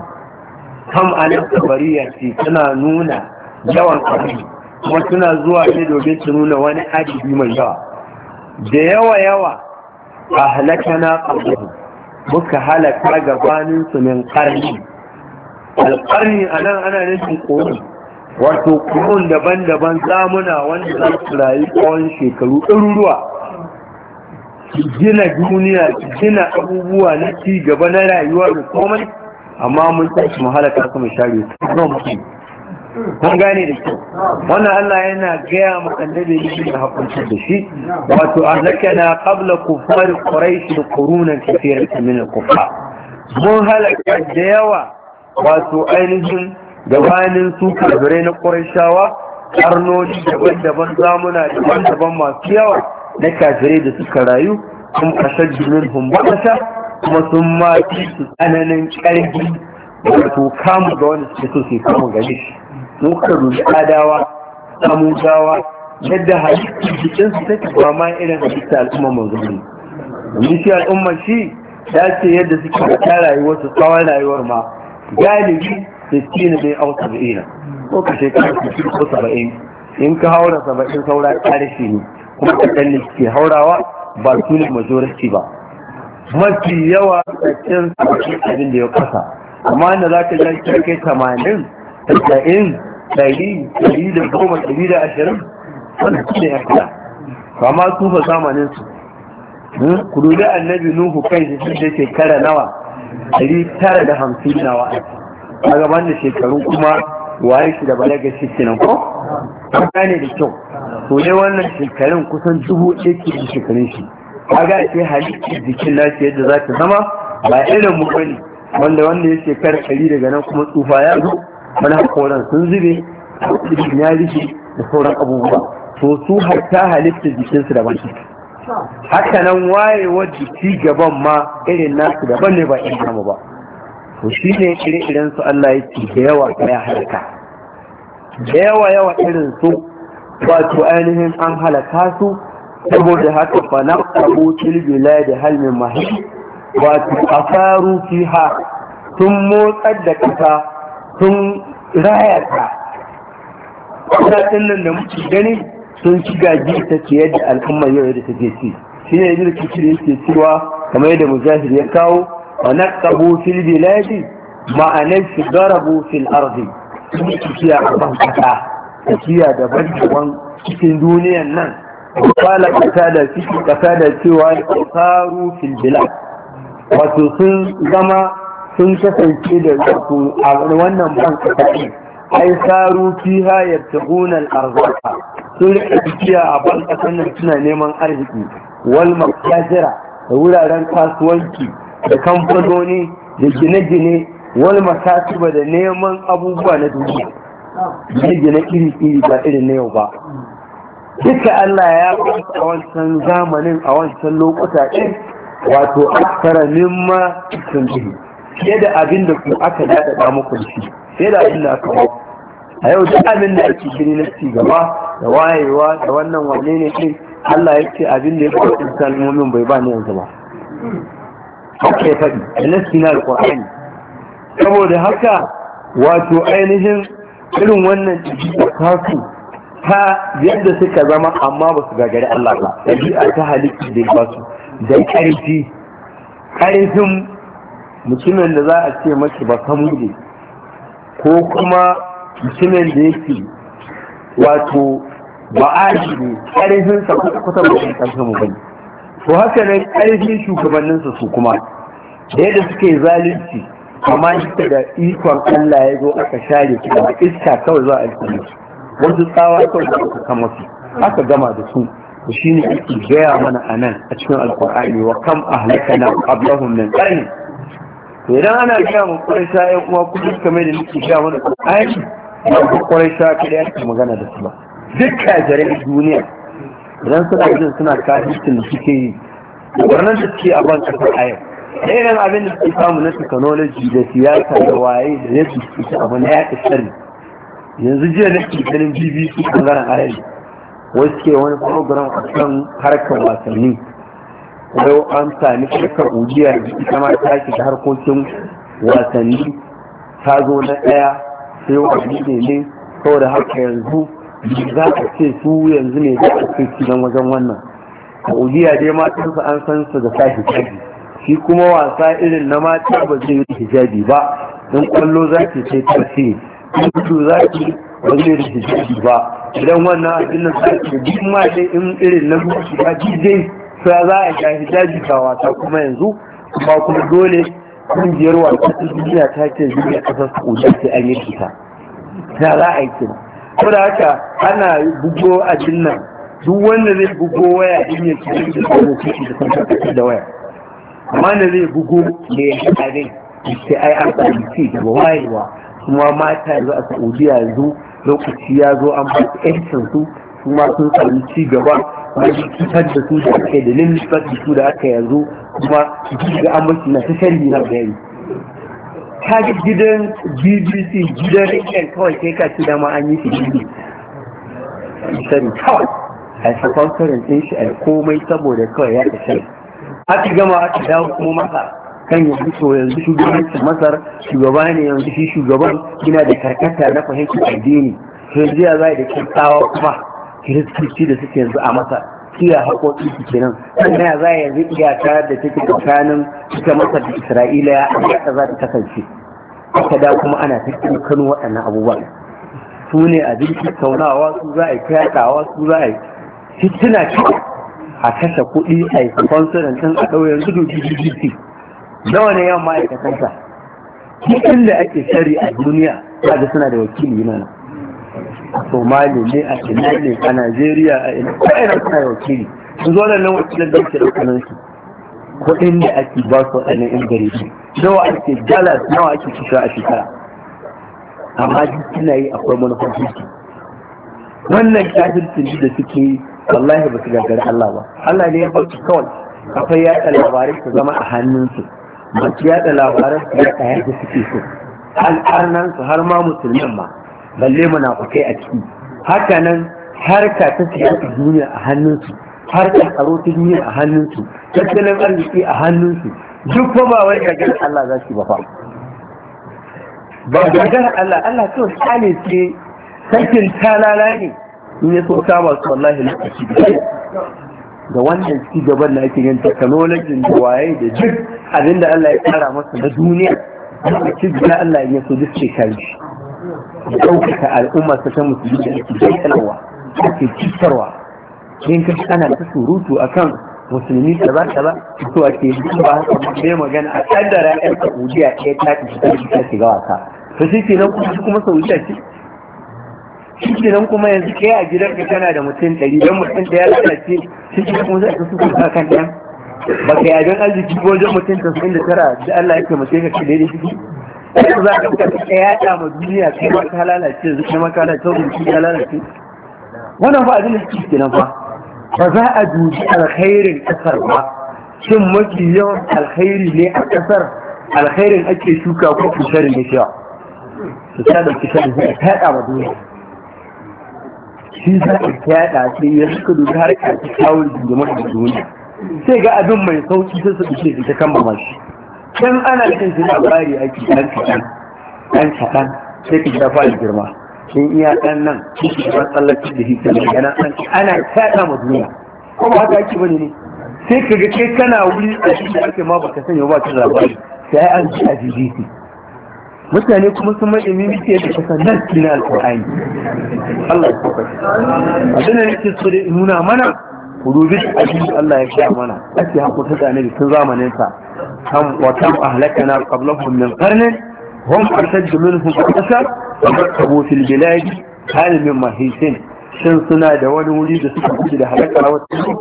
kam anan tabariya ce tana nuna yawan abin kuma suna zuwa ne domin su nuna wani adadi mai yawa da yawa yawa ahlakana qablahum muka halaka gabanin su min qarni a anan ana nufin qurun wato qurun daban-daban zamuna wanda za su rayu tsawon shekaru ɗaruruwa gina duniya gina abubuwa na ci gaba na rayuwa da komai amma mun tashi mu mahalaka kuma shari'a. kun gane da kyau wannan Allah yana gaya ma annabi yake da hakuncin da shi wato ahlakana qabla kufar quraish da quruna kathiratan min al-kufar mun halaka da yawa wato ainihin gabanin su kafire na qurayshawa Karnoji daban-daban zamuna daban-daban masu yawa na kafirai da suka rayu sun kasar jinin bakasa kuma sun ma su tsananin ƙarfi wato kamu ga wanda suke so su kamu gare muka rubi adawa musawa yadda halittar jikinsu take ba ma irin halitta al'umma manzanni domin shi al'umma shi ta ce yadda suke ta rayuwar su tsawon rayuwar ma galibi sittina ne au saba'ina ko ka shekara sittin ko saba'in in ka haura saba'in saura ƙarshe ne kuma ka ne ke haurawa ba su ne majority ba mafi yawa tsakin saba'in abin da ya kasa amma da za ka jan kai tamanin tasa'in ɗari ɗari da goma ɗari da ashirin wannan su ne yan kula su fa zamanin su ku dubi annabi nuhu kai shi sun da shekara nawa ɗari tara da hamsin na wa'a a gaban da shekaru kuma waye shi da balaga shi kenan ko da kyau to wannan shekarun kusan dubu ɗaya ke da shekarun shi kaga ce halittar jikin nashi yadda za ta zama ba irin mu bane wanda wanda ya shekara ɗari daga nan kuma tsufa ya zo wani koran sun zube jikin ya rike da sauran abubuwa to su hatta halitta jikinsu daban shi haka nan wayewar jiki gaban ma irin nasu daban ne ba in namu ba to shi ne irin su Allah ya ce da yawa ya halaka da yawa yawa irin su wato ainihin an halaka su saboda haka fa na abu tilbila da halmin mahi wato asaru fiha sun motsar da kasa sun raya ta nan da muke gani sun ci gaji ta ce yadda al'ummar yau da take ci shi ne yanzu da kicin yake cewa kamar yadda mujahid ya kawo wa naqabu fil biladi ma'anar shi darabu fil ardi sun tafiya a ban kasa tafiya daban-daban cikin duniyan nan kwala kasa da cikin kasa da cewa karu fil bilad wato sun zama sun kasance da zarto a wannan ban kasafi ai saru fiha yabtaguna al-arzaka sun rika tafiya a banka sannan suna neman arziki wal makasira da wuraren kasuwanci da kamfanoni da gine-gine wal makasiba da neman abubuwa na duniya gine-gine iri-iri ba irin na yau ba duka Allah ya a wancan zamanin a wancan lokuta ɗin wato aksara nima sun biyu. fiye da abin da ku aka daɗaɗa muku shi fiye da abin da aka muku a yau duk abin da ake gini na cigaba da wayewa da wannan wane ne ɗin Allah ya ce abin da ya fi ɗin kalmomin bai ba ni yanzu ba haka ya faɗi da na na alƙur'ani saboda haka wato ainihin irin wannan ɗabi'a tasu ta yadda suka zama amma ba su gagari Allah ba ɗabi'a ta halittu da ba su da ƙarfi ƙarfin mutumin da za a ce mace ba mude ko kuma mutumin da yake wato ba aji ne ko kusa ba shi ƙarfin mu bane to haka nan ƙarfin shugabanninsa su kuma da yadda suke zalunci amma ita da ikon Allah ya zo aka share su da iska kawai za a yi wasu tsawa kawai za kama su aka gama da su shi ne ake gaya mana a nan a cikin alkur'ani wa kam ahlakana qablahum min qarni idan ana gaya mu sa 'yan uwa kudin kamar da nake gaya mana ƙur'ani ba ƙuraisha kada ya ta magana da su ba duk kajarai duniya idan suna jin suna kafin da suke yi wannan da suke a ban ta a yau da irin abin da suke samu na technology da siyasa da waye da ya suke abu na yaƙi sani yanzu jiya na ke ganin bbc ɓangaren arewa wasu ke wani program a kan harkar wasanni yau an sami shakar ujiyar ita ma ta shiga harkokin wasanni ta zo na ɗaya sai wani ne ne saboda haka yanzu za a ce su yanzu ne za a ce su wajen wannan a ujiya dai matansa an san su da sashi hijabi shi kuma wasa irin na mata ba zai yi hijabi ba don kwallo za ki sai ce in gudu za ki ba zai yi hijabi ba idan wannan abin nan za ki duk ma dai in irin na lokaci ba ji sai za a ga hijabi ga wata kuma yanzu kuma kuma dole kungiyar wasa ta duniya ta ce duniya kasar sauda sai an yi kita ta za a yi kina ko da haka ana bugo a jinnan duk wanda zai bugo waya din ya ci da kuma kici da kan da waya amma da zai bugo da ya haɗa dai sai ai an ce da wayewa kuma mata yanzu a saudiya yanzu lokaci ya zo an ba su 'yancin su kuma sun sami ci gaba bayan fitar da su da aka yi da lullubar da su da aka yanzu kuma ga amurci na ta sharri na bayani ta gidan bbc gidan rikin kawai sai ka ci dama an yi su gini sani kawai a sponsorin sun shi a komai saboda kawai ya ta sharri aka gama aka dawo kuma masa kan yanzu to yanzu shugabancin masar shugaba ne yanzu shi shugaban yana da karkata na fahimci addini sai zai za da kyautawa kuma kiristoci da suke yanzu a masa kiya haƙoƙi su kenan sannan ya za yanzu iyaka da take tsakanin ita masa da isra'ila ya aka za ta kasance aka da kuma ana ta kanu waɗannan abubuwa. su ne a jirgin taunawa su za a yi kyaɗawa su za a yi fitina a kashe kuɗi a yi sponsorin ɗin a ɗau yanzu da nawa ne yawan ma'aikatansa duk da ake shari a duniya za suna da wakili yana nan a somali ne a kenya ne a najeriya a ina ko ina suna yau kiri su zo nan wakilin da ke ɗaukanin su kuɗin da ake ba su waɗannan in gari su nawa ake dalas nawa ake cika a shekara amma duk suna yi akwai manufar su wannan kafircin da suke yi wallahi ba su gagari Allah ba Allah ne ya faɗi kawai Akwai yaɗa labarai su zama a hannunsu masu yaɗa labarai su yaɗa yadda suke so al'arnan su har ma musulmin ma balle munafukai a ciki haka nan harka ta siyasa duniya a hannunsu harkar tsaro ta duniya a hannunsu tattalin arziki a hannunsu duk fa ba wai gagar Allah za su ba fa ba gagar Allah Allah to sale ce sakin talala ne in ya so ba su wallahi lokaci da wannan ci gaban da ake yin technology da waye da duk abinda Allah ya tsara masa na duniya da ci Allah ya so duk shekaru da ɗaukaka al'umma su ta musulmi da ake jantarwa ake cutarwa in ka ana ta surutu akan musulmi ta ba ta ba to ake yi ba haka bai magana a kaddara yan saudiya ɗaya ta ci ta ci ta shiga wasa to shi ke nan kuma kuma saudiya ce shi ke nan kuma yanzu kai a gidan ka tana da mutum ɗari don mutum ɗaya lalace shi ke kuma zai ta su kuma kan ɗan ba ka don arziki ko wajen mutum tasirin da tara da Allah ya taimake ka ke daidai ciki kuma za ka ka yaɗa ma duniya kai ma ka lalace zai ma ka lalace rubuci ya lalace wannan ba abin da suke kenan fa ba za a dubi alkhairin ƙasar ba shin mafi yawan alkhairi ne a ƙasar alkhairin ake shuka ko kusharin ne cewa su ta da kusharin sai a yaɗa ma duniya shi za a yaɗa sai ya suka dubi har ka kawo jinjimar da duniya sai ga abin mai sauki sai su ɗauke su ta kambama shi can ana cin su labari ake ɗan kaɗan ɗan kaɗan sai ka shafa da girma in iya ɗan nan cikin ɗan tsallacin da hikar da yana ɗan ana kaɗa ma duniya kuma haka ake bane ne sai ka ga kai kana wuri a cikin ake ma baka sanya ba ka labari sai an ji a BBC mutane kuma sun mai ilimi ke da kasa nan cikin alƙur'ani Allah ya kafa shi a dana nake so da nuna mana ku abin Allah ya gaya mana ake hakuta da ne tun zamanin sa kam wa kam na qablahum min qarnin hum ashaddu minhum qasar wa makabu fil bilad hal min mahisin shin suna da wani wuri da suka gudu da halaka wata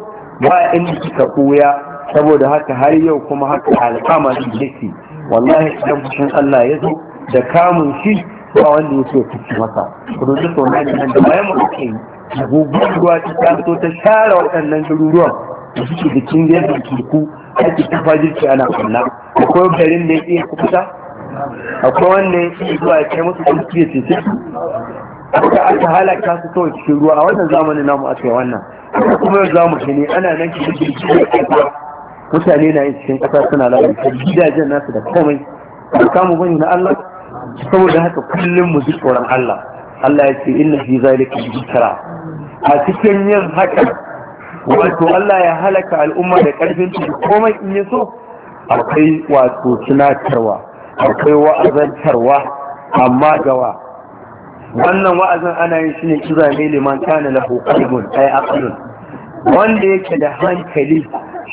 ba in suka koya saboda haka har yau kuma haka alƙama da yake wallahi idan mutum Allah ya zo da kamun shi ba wanda ya ce masa ku dubi sau da bayan mu yi guguwar ruwa ta taso ta share waɗannan garuruwan da suke da cingiyar da teku ake ta fajirci ana kwanna akwai garin da ya iya kusa akwai wannan ya zuwa ya kai musu kuma ya ce su aka aka halaka su kawai cikin ruwa a wannan zamanin namu a kai wannan aka kuma yau zamu gani ana nan cikin jirgin ruwa mutane na yin cikin ƙasa suna lalata gidajen nasu da komai ba kamu bane na Allah saboda haka kullum mu ji tsoron Allah Allah ya ce inna fi zalika dhikra a cikin yin haka wato Allah ya halaka al'umma da karfin su komai in yi so akwai wato tunatarwa akwai wa'azantarwa amma gawa wannan wa'azin ana yin shi ne kiza ne liman kana lahu qalbun ay aqlun wanda yake da hankali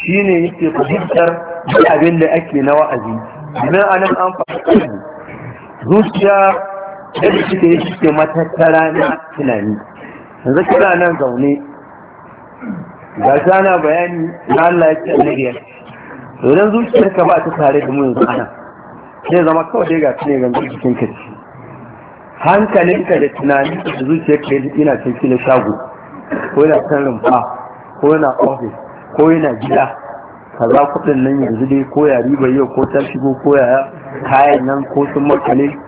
shine yake fahimtar abin da ake na wa'azi idan anan an fahimta zuciya Yadda suke yi suke matattara na tunani yanzu kira nan zaune ga shi bayani na Allah ya ce annabiya to zuciyar ka ba ta tare da mu yanzu ana sai zama kawai dai ga tune ga cikin ka ci ka da tunani da yi ina cikin kila shago ko yana kan rumfa ko yana ofis ko yana gida kaza kudin nan yanzu dai ko ya riba yau ko ta shigo ko ya kayan nan ko sun makale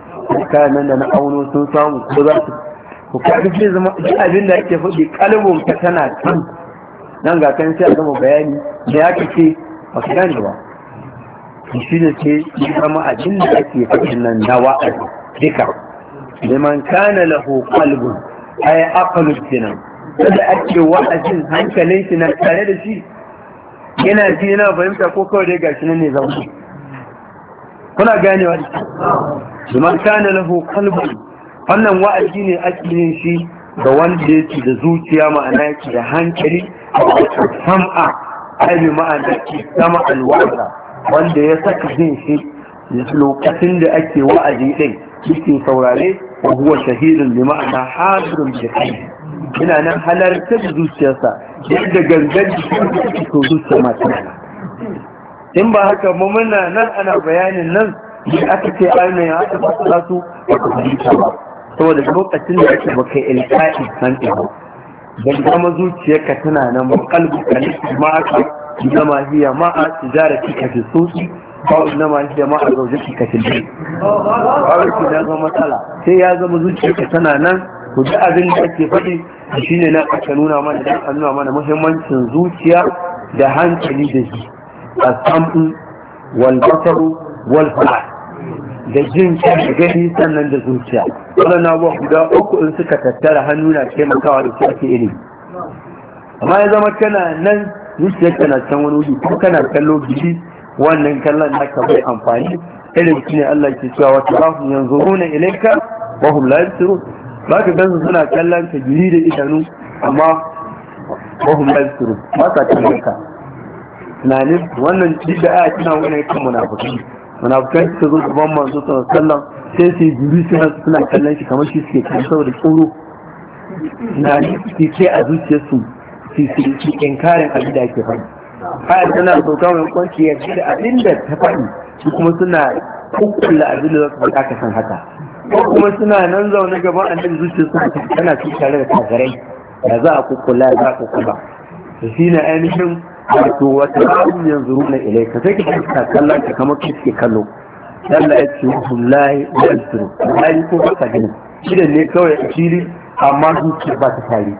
kayan nan da na auno sun samu ko za su ku kaɗi zai zama duk abin da ake faɗi kalbin ka tana can nan ga kan sai a gama bayani da ya kace ba su gane ba shi ne ce yi zama abin da ake faɗi nan na wa'azi duka liman kana lahu qalbun ay aqlu sinan kada ake wa'azin hankalin shi na tare da shi yana ji yana fahimta ko kawai dai gashi nan ne zama kuna ganewa da shi man lahu wannan wa'azi ne ake yin shi ga wanda yake da zuciya ma'ana yake da hankali sam'a ai ma'ana ki sama alwaza wanda ya saka jin shi lokacin da ake wa'azi din yake saurare wa huwa shahidun bi ma'ana hadirun da kai, ina nan halartar zuciyarsa yadda gangan da yake zuciya ma tana in ba haka mu muna nan ana bayanin nan da aka ce ayoyin ya aka ba su lasu ba ku fahimta ba saboda lokacin da ake ba ilka'i nan ba ban zama zuciyarka tana nan ba kalbi ka ma aka zama hiya ma a tijara ki ka fi sosi ba na ma hiya ma a zauje ki ka fi ne ba ki na zama matsala sai ya zama zuciyarka tana nan ku ji abin da ake faɗi shine na aka nuna mana da nuna mana muhimmancin zuciya da hankali da jiki السمع والبصر والفرع da jin da gani sannan da zuciya waɗannan abubuwa guda uku in suka tattara hannu na taimakawa da suke iri amma ya zama kana nan zuciya kana can wani wuri ko kana kallo gidi wannan kallon naka bai amfani irin shi ne Allah ke cewa wata rahu yanzu runa ilaika wa hum la yusirun ba ka gansu suna kallon ka gidi da idanu amma wa hum la ba sa kallon tunanin wannan a cikin wani kan munafukai munafukai suka zo gaban manzo sallallahu sallam sai su yi juri suna kallon shi kamar shi suke kan saboda tsoro na su ke a zuciyarsu su su inkarin abin da ake faɗi haya suna sauka mai kwanci ya da abin da ta faɗi su kuma suna kukkulla abin da za su faɗa ka san haka ko kuma suna nan zaune gaban annabi zuciyarsu tana cikin tare da tagarai. da za a kukkulla za a kukkula shi ne ainihin wato wata ba'un yanzu runa ilai ka sai ka ka kallon ka kamar suke kallo Allah ya ce layi da alfiru wallahi ko ba ka gani idan ne kawai a fili amma zuciya ba ta tari.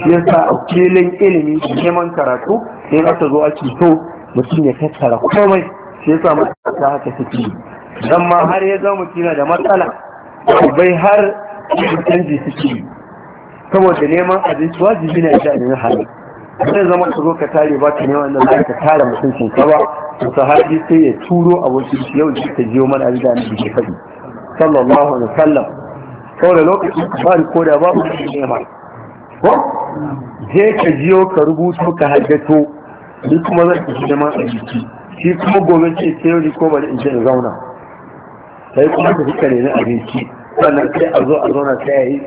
shi sa a filin ilimi neman karatu sai ta zo a so mutum ya tattara komai shi yasa ta haka suke yi Zan ma har ya zama mutum da matsala bai har canji suke yi saboda neman abinci wajibi na ita ne na hannu. zai zama ka zo ka tare ba ka ne wannan zai ka tare mutuncin ka ba to sahabi sai ya turo abokin shi yau shi ka jiyo mana abin da annabi ke faɗi sallallahu alaihi wasallam kawai lokacin ka fara ko da babu ne ma ko je ka jiyo ka rubuto ka haddato ni kuma zan ci da ma abinci shi kuma gobe ce sai yau ko bari in je in zauna sai kuma ka fi kare na abinci sannan sai a zo a zauna sai a yi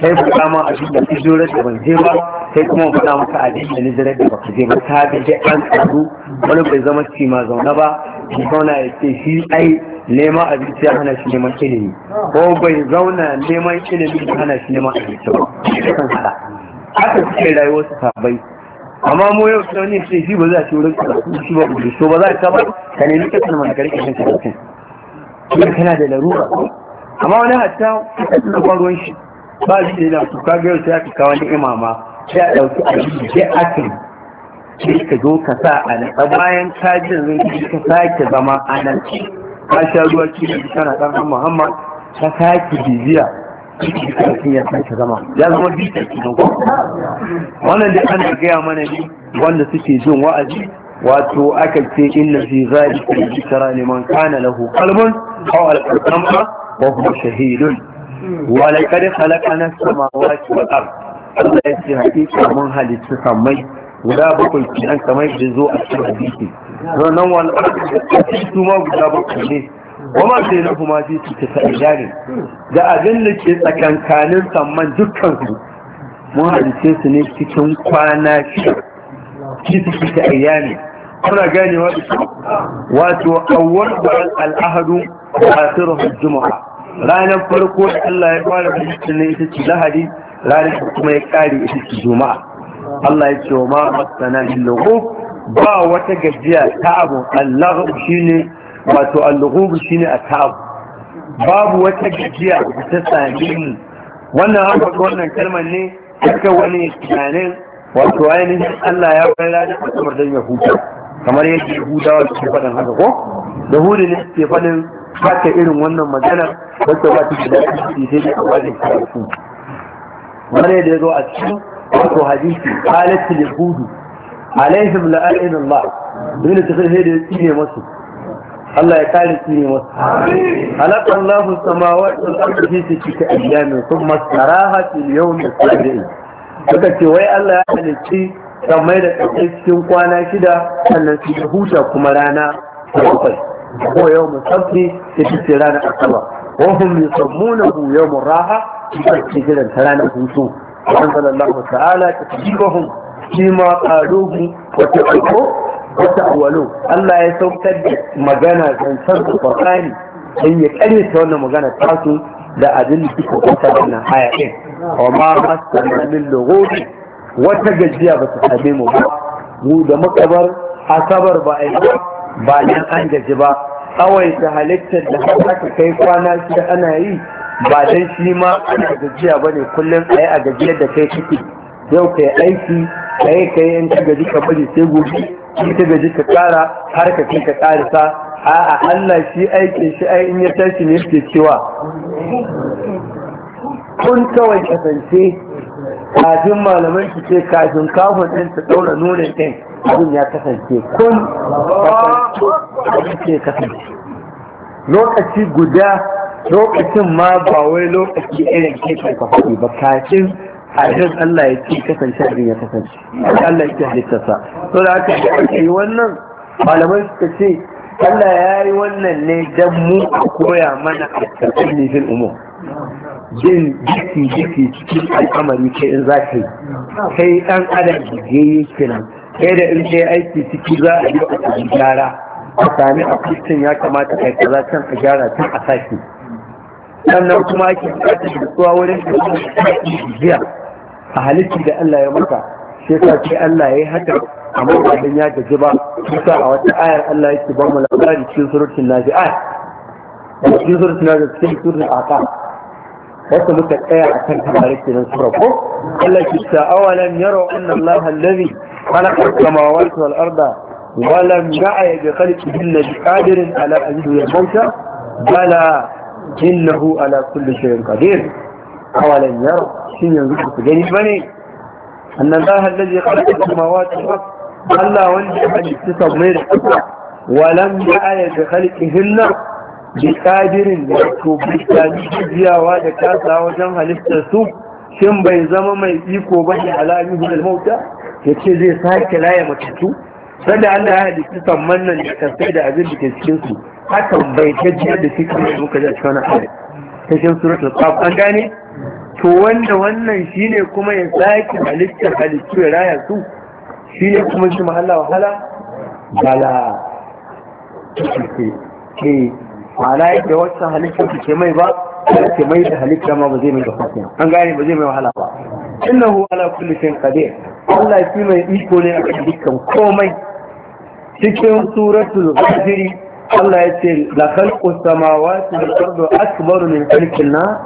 sai ku kama a duk da da ban je ba sai kuma faɗa maka a duk da hijirar da baka je ba ta bi dai an tsaro wani bai zama ci ma zaune ba shi zauna ya ce shi ai neman abinci ya hana shi neman ilimi ko bai zauna neman ilimi ya hana shi neman abinci ba kan hada haka suke rayuwar su sabai amma mu yau sai wani ce shi ba za a ci wurin karatu shi ba ku so ba za a taɓa ka nemi ka sanar da ka kan shan kuma kana da larura amma wani hatta ka tsina ruwan shi ba shi da su ka ga sai aka kawo ni imama sai a ɗauki a yi sai aka sai ka zo ka sa a nan bayan kajin zai zai ka sake zama a nan ka sha ruwa ki da kana dan Muhammad ka sake bibiya kafin ya sake zama ya zama bisa ki wannan da ana gaya mana ni wanda suke jin wa'azi wato aka ce inna fi zalika dhikra liman kana lahu qalbun aw al-qalbu wa huwa shahidun wa laqad khalaqna as-samawati wal ard Allah ya ce hakika mun halitta samai guda bakwai kenan kamar da zo a cikin hadisi sannan wal ard su ma guda bakwai ne wama sai na kuma fi su ta ta'ida ne da abin da ke tsakankanin samman dukkan su mun halitta su ne cikin kwana shida ki su ta ta'ida ne kuna gane wato awwal al'ahadu wa asirin juma'a ranar farko da Allah ya fara halittar ne ita ce lahadi ranar kuma ya kare ita ce juma'a Allah ya ce wa ma masana illahu ba wata gajiya ta abu Allah shine wato al shine a ta'abu babu wata gajiya da ta sami ni wannan haka wannan kalmar ne aka wani tunanin wato ainihin Allah ya bar ranar da kamar dan Yahuda kamar yadda Yahudawa suke faɗin haka ko da hudu ne ke faɗin haka irin wannan maganar wacce ba ta da ciki sai da wajen karatu wani da ya zo a cikin wato hadisi halatta da hudu alaihim la'ayin Allah dole ta sai da ya tsine masu Allah ya kare tsine masu halakar Allah samawa da al'arfi su cika ayyamin sun masaraha da su da sabii suka ce wai Allah ya halicci kamar da kasai cikin kwana shida sannan su huta kuma rana ta bakwai ko yau mu sauki ya fi tsira na asaba wahum yi sammu na yau mu raha su ka ce gidan tara na hutu wajen sallallahu ta'ala ta fi jibahun shi ma ƙaru bu wata ƙarko wata awalo Allah ya saukar da magana zancen su fasani in ya ƙare ta wannan magana ta da abin suka ƙasa na haya ɗin wa ma hasar na min wata gajiya ba ta same mu ba mu da makabar asabar ba a yi ba dan an gaji ba kawai ta halittar da har aka kai kwana shida ana yi ba don shi ma ana gajiya bane kullum a yi a gajiyar da kai kake yau kai aiki kai kai in ci gaji ka bari sai gobe in ka gaji ka kara har ka kai ka karisa a'a Allah shi aikin shi ai in ya tashi ne yake cewa kun kawai kasance kafin malaman su ce kafin kafin ɗin ta ɗaura nuna ɗin abin ya kasance kun kasance kasance lokaci guda lokacin ma ba wai lokaci irin ke kai ba kafin hajjin Allah ya ce kasance abin ya kasance Allah ya ce halittarsa to da aka yi wannan malaman suka ce Allah ya yi wannan ne don mu koya mana a karɓar nufin umar jin jiki jiki cikin al'amari kai in za ka yi kai ɗan adam yi kenan kai da in kai aiki ciki za a yi a gyara a sami a kristin ya kamata kai kaza can a gyara can a sake sannan kuma ake bukatar da tsuwa wurin da kuma jiya a halittu da Allah ya maka sai sa sai Allah ya yi haka a ba ya gaji ba kusa a wata ayar Allah yake ba mu labari cikin suratul nazi'at cikin suratul nazi'at cikin suratul aqaf wasu muka tsaya a kan kamarin kenan sura ko Allah ki ta awalan yaro anna Allah allazi khalaqa as-samawati wal arda wa lam ya'a bi khalqihi illa bi qadirin ala an yamauta bala innahu ala kulli shay'in qadir awalan yaro shin yanzu ku gani bane anna Allah allazi khalaqa as-samawati wal arda Allah wanda ya halitta sammai da ƙasa wa lam ya'a bi khalqihi illa bi kadirin da to bisani jiyawa da kasa wajen halittar su shin bai zama mai iko ba ne alami hudal mauta ya ce zai sake laye matattu sanda Allah ya halitta samman nan da kasai da abin da ke cikin su hakan bai ta jiyar da cikin da muka ji a cikin ayat ta cikin suratul qaf an gane to wanda wannan shine kuma ya sake halittar halittu ya raya su shine kuma shi mahalla wahala bala ke ma'ana yake wacce halittar ke mai ba ke mai da halitta ma ba zai mai da kwafiya an gane ba zai mai wahala ba innahu ala kulli shay'in qadir Allah shi mai iko ne akan dukkan komai cikin suratul ghafir Allah ya ce la khalqu samawati wal ardi akbaru min khalqina nas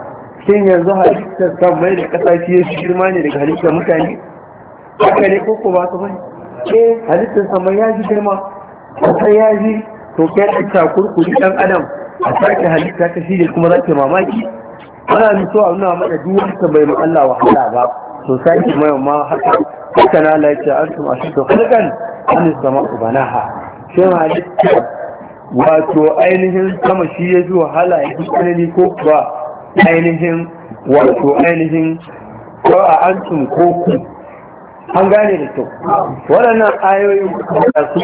shin yanzu halittar kan mai da kasa shi ya girma ne daga halittar mutane haka ne ko ko ba su bane eh halittar sama ya ji girma sai ya ji to kai a kurkuri dan adam a sake halitta ka shi kuma za ka mamaki ana so a nuna mana duk wanda bai ma Allah wahala ba to sake mai ma haka haka na lafiya an tuma shi to halkan an sama ubanaha Sai ma halitta wato ainihin sama shi ya ji wahala ya ji tsanani ko kuwa ainihin wato ainihin ko a antum ko ku an gane da kyau waɗannan ayoyin da su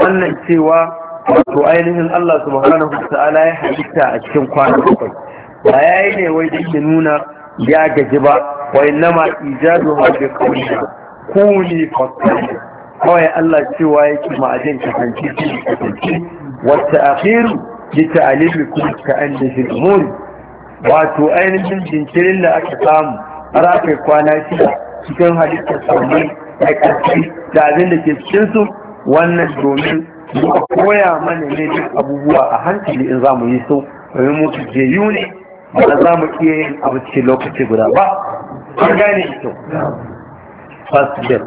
wannan cewa wato ainihin Allah subhanahu wa ta'ala ya halitta a cikin kwana bakwai ba yayi ne wai da nuna ya gaji ba wa innama ijadu ha bi qawli kuni fakkar kawai Allah cewa yake ma'ajin kasance shi kasance wa ta'khiru li ta'lil kulli ka'an fi umur wato ainihin jinkirin da aka samu har kwana shida cikin halittar sauri da da abin da ke cikinsu wannan domin duka koya mana ne duk abubuwa a hankali in za mu yi su domin mu jiyayyu ne ba za mu iya yin abu cikin lokaci guda ba an gane ito fasbir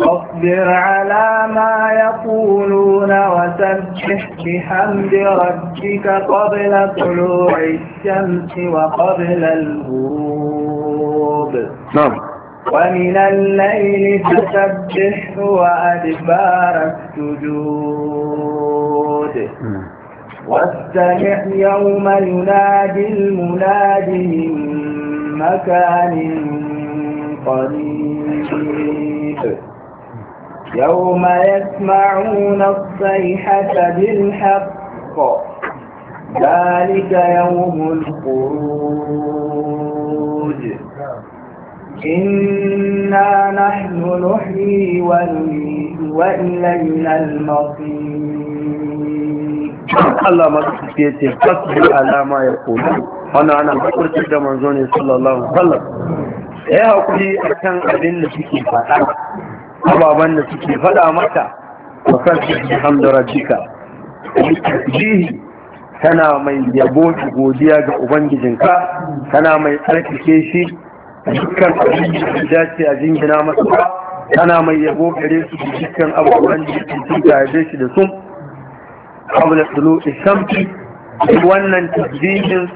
فاصبر على ما يقولون وسبح بحمد ربك قبل طلوع الشمس وقبل الغروب نعم ومن الليل فسبح وأدبار السجود واستمع يوم ينادي المنادي من مكان قريب يوم يسمعون الصيحة بالحق ذلك يوم القرود إنا نحن نحيي وإلينا المصير الله ما تسكيتي فاصبر على ما يقول وانا انا بقول da manzo ne sallallahu alaihi wasallam ya hakuri akan abin da suke faɗa ababan da suke faɗa mata wa sabbi bihamdi kana tana mai yabo godiya ga ubangijinka tana mai tsarkake shi dukkan abin da dace a jingina masa tana mai yabo gare su da dukkan abubuwan da yake sun tare shi da sun qabla tulu'i shamsi wannan tasbihin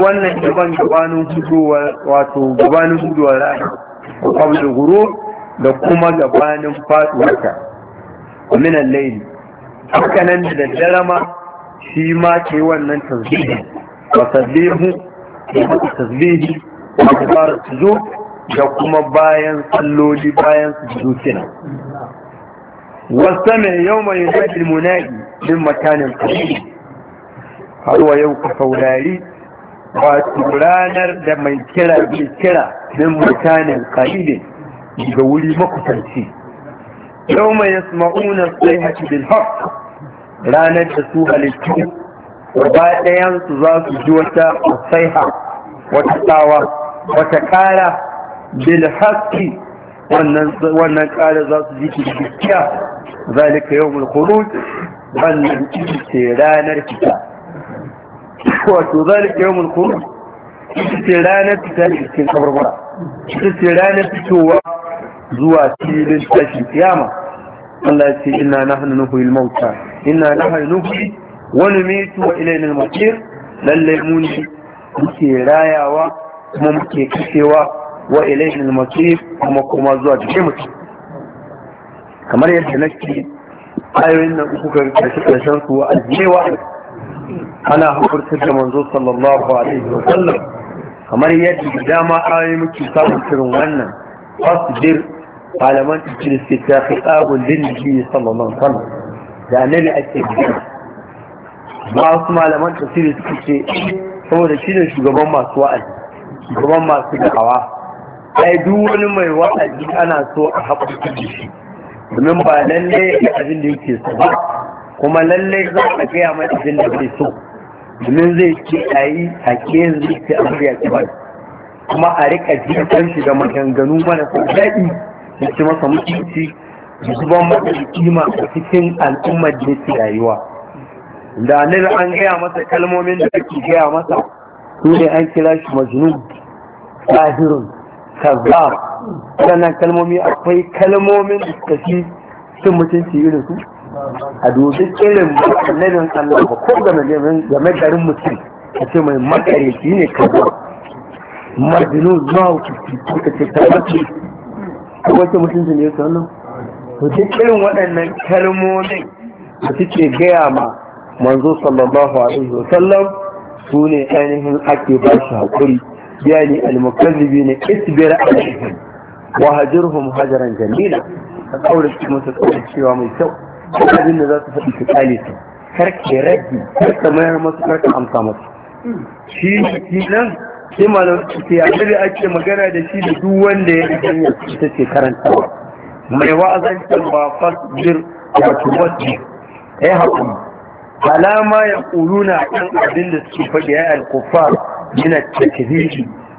wannan gaban gabanin hudowa wato gabanin hudowa rana da ghurub da kuma gabanin faduwarta min al-layl haka nan da daddare ma shi ma ke wannan tasbihin wa tasbihu tasbihi su zo da kuma bayan salloli bayan sujud kenan wasame yawma yunadi munadi min makanin qarib har wa yau ka saurari wato ranar da mai kira bai kira min makanin qarib daga wuri makusanci yawma yasma'una sayhati bil haqq ranar da su halittu gaba ɗayan su za su ji wata saiha wata tsawa wata kara bil wannan wannan kara za su ji gaskiya zalika yawmul khuruj wannan ce ranar fita wato zalika yawmul khuruj ce ranar fita da cikin kabarbara ce ranar fitowa zuwa filin tashin kiyama Allah ya ce inna nahnu nuhyil mauta inna nahnu nuhyi wa numitu wa ilayna al-masir lalle mu ne ke rayawa kuma muke kashewa wa ilayhi al-masir kuma kuma zuwa cikin mutu. kamar yadda nake ayoyin nan uku kan karshe karshen su a jewa ana hukurta da manzo sallallahu alaihi wa sallam kamar yadda dama ayoyi muke samun irin wannan fasdir malaman tafsir sai ta khitabun lin nabi sallallahu alaihi da annabi ake ba su malaman tafsiri suke ce saboda shi ne shugaban masu wa'azi shugaban masu da'awa ai duk wani mai wa'azi ana so a haƙurƙi da shi domin ba lalle abin da yake so ba kuma lalle za a gaya mai abin da bai so domin zai ce a a ke zai ce a murya ki ba kuma a rika jikin shi da maganganu mana ko daɗi da ci masa mutunci da zuban masa kima a cikin al'ummar da yake rayuwa da nan an gaya masa kalmomin da ake gaya masa su ne an kira shi majnun tahirun kazzab sannan kalmomi akwai kalmomin da suka fi cin mutunci irin su a dubi irin annabin Allah ba ko game game garin mutum a ce mai shi ne kazzab majnun mahaukaci suka ce tabbaci wace mutunci ne su wannan to duk irin waɗannan kalmomin da suke gaya ma manzo sallallahu alaihi wa sallam su ne ainihin ake ba shi haƙuri yani almukallibi ne isbir alaihim wa hajirhum hajaran jamila ka kaurace musu cewa mai kyau abin da za su faɗi su kale su karke kar karka mayar masu ka amsa masu shi shi nan sai malam ce ya da ake magana da shi da duk wanda ya yi hanyar ita ce karantawa mai wa'azantar ba fasbir wa tuwasbir ya yi haƙuri alama ya na kan abin da suke faɗi ya alkufa yana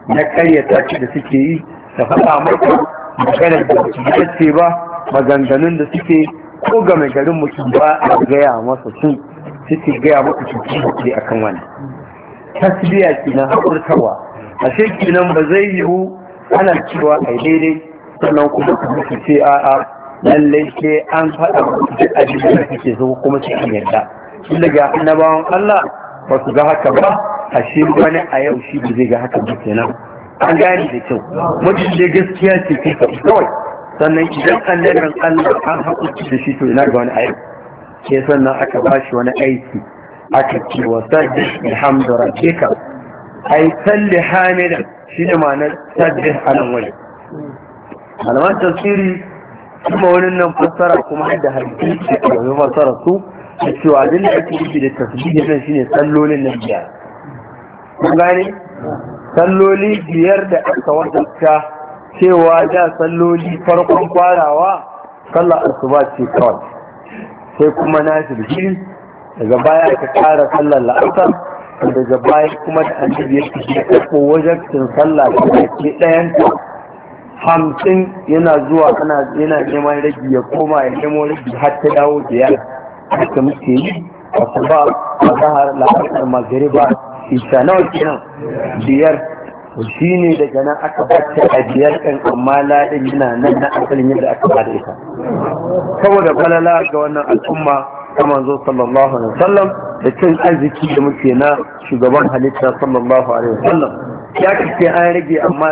na karyata ce da suke yi da faɗa maka maganar da su ce ba maganganun da suke ko ga mai garin mutum ba a gaya masa su suke gaya maka cikin hakuri a kan wani tasbiya kenan haƙurtarwa a kenan ba zai yiwu ana cewa a daidai sannan kuma su ce a'a lallai sai an faɗa duk abin da suke so kuma cikin yadda tun daga annabawan Allah ba su ga haka ba a shi wani a yau shi ba zai ga haka ba kenan an gane da kyau mutum da gaskiya ce ke kawai sannan idan annabin Allah an haƙuci da shi to ina ga wani a yau ke sannan aka ba shi wani aiki aka ce wa sajjih alhamdu ai salli hamidan shi ne ma'anar sajjih anan malaman tafsiri kuma wani nan fassara kuma da hadisi a yi fassara su da cewa abin da ake nufi da tasbihi nan shine sallolin na biyar kun gane salloli biyar da aka wadatta cewa da salloli farkon farawa sallar asuba ce kawai sai kuma na shirgi daga baya ka kara sallar la'asar daga baya kuma da annabi ya fi ya karɓo wajen sallah da ke ɗayan hamsin yana zuwa yana neman ragi ya koma ya nemo ragi har ta dawo da biyar da muke yi a kuma a zahar la'asar magariba isa nawa kenan biyar shi ne daga nan aka bacci a biyar ɗin amma laɗin yana nan na asalin yadda aka bada ita saboda falala ga wannan al'umma ta manzo sallallahu alaihi wasallam da cin arziki da muke na shugaban halitta sallallahu alaihi wasallam ya kace an rage amma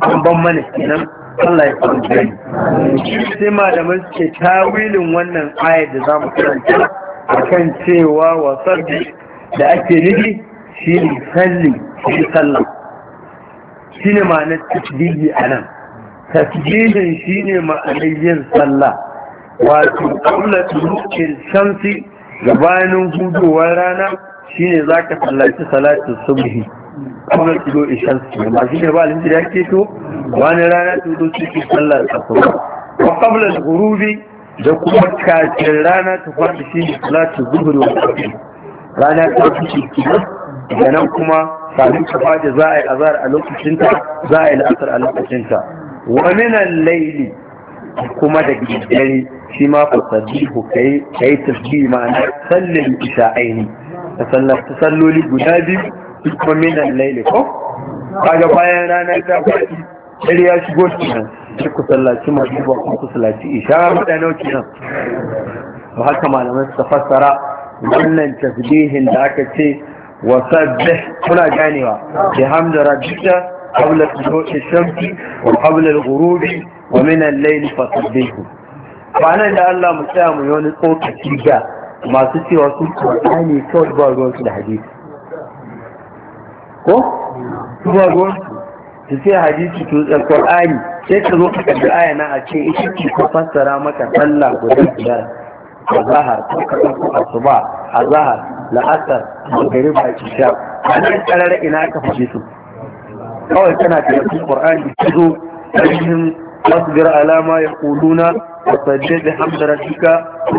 an ban mana kenan Allah ya kwanta sai malamai suke tawilin wannan ayar da za mu karanta a kan cewa wasarbi da ake nufi shi ne salli shi sallah shi ne ma'anar tasbihi a nan tasbihin shi ne ma'anar yin sallah wato ƙaunar turukin shamsi gabanin hudowar rana shi ne za ka sallaci salatin subuhi. Kuma kilo ishan su shi ne ba alinci ya ke wani rana su zo su sallah da asuba wa qabla al-ghurubi da kuma kafin rana ta fara shi ne salatu zuhur wa asr rana ta fi shi. da nan kuma kafin ta fadi za a yi azar a lokacinta za a yi la'asar a lokacinta wa min al kuma da dare shi ma fasabihu kai kai tasbih ma'ana sallin isha'aini ta salloli guda biyu kuma minan laili ko kaga bayan ranar ta faɗi dare ya shigo kenan sai ku sallaci magriba ko ku sallaci isha madana kenan to haka malamai suka fassara wannan tasbihin da aka ce wa sabbih kuna ganewa bi hamdi rabbika qabla tulu'i shamsi wa qabla al-ghurubi wa min al-layli fasabbihu nan da Allah mu tsaya mu yi wani tsokaci ga masu cewa su ne kawai ba ruwansu da hadisi ko kuma gonsu su sai hadisi to da qur'ani sai ka zo ka kalli aya na a ce ita ce ka fassara maka sallah guda guda zahar ko ka ko asuba azhar la'asar magriba isha anan karara ina ka faɗi su kawai kana karatu qur'ani ki zo cikin wasbir alama ya kuluna wa sajjid hamda rabbika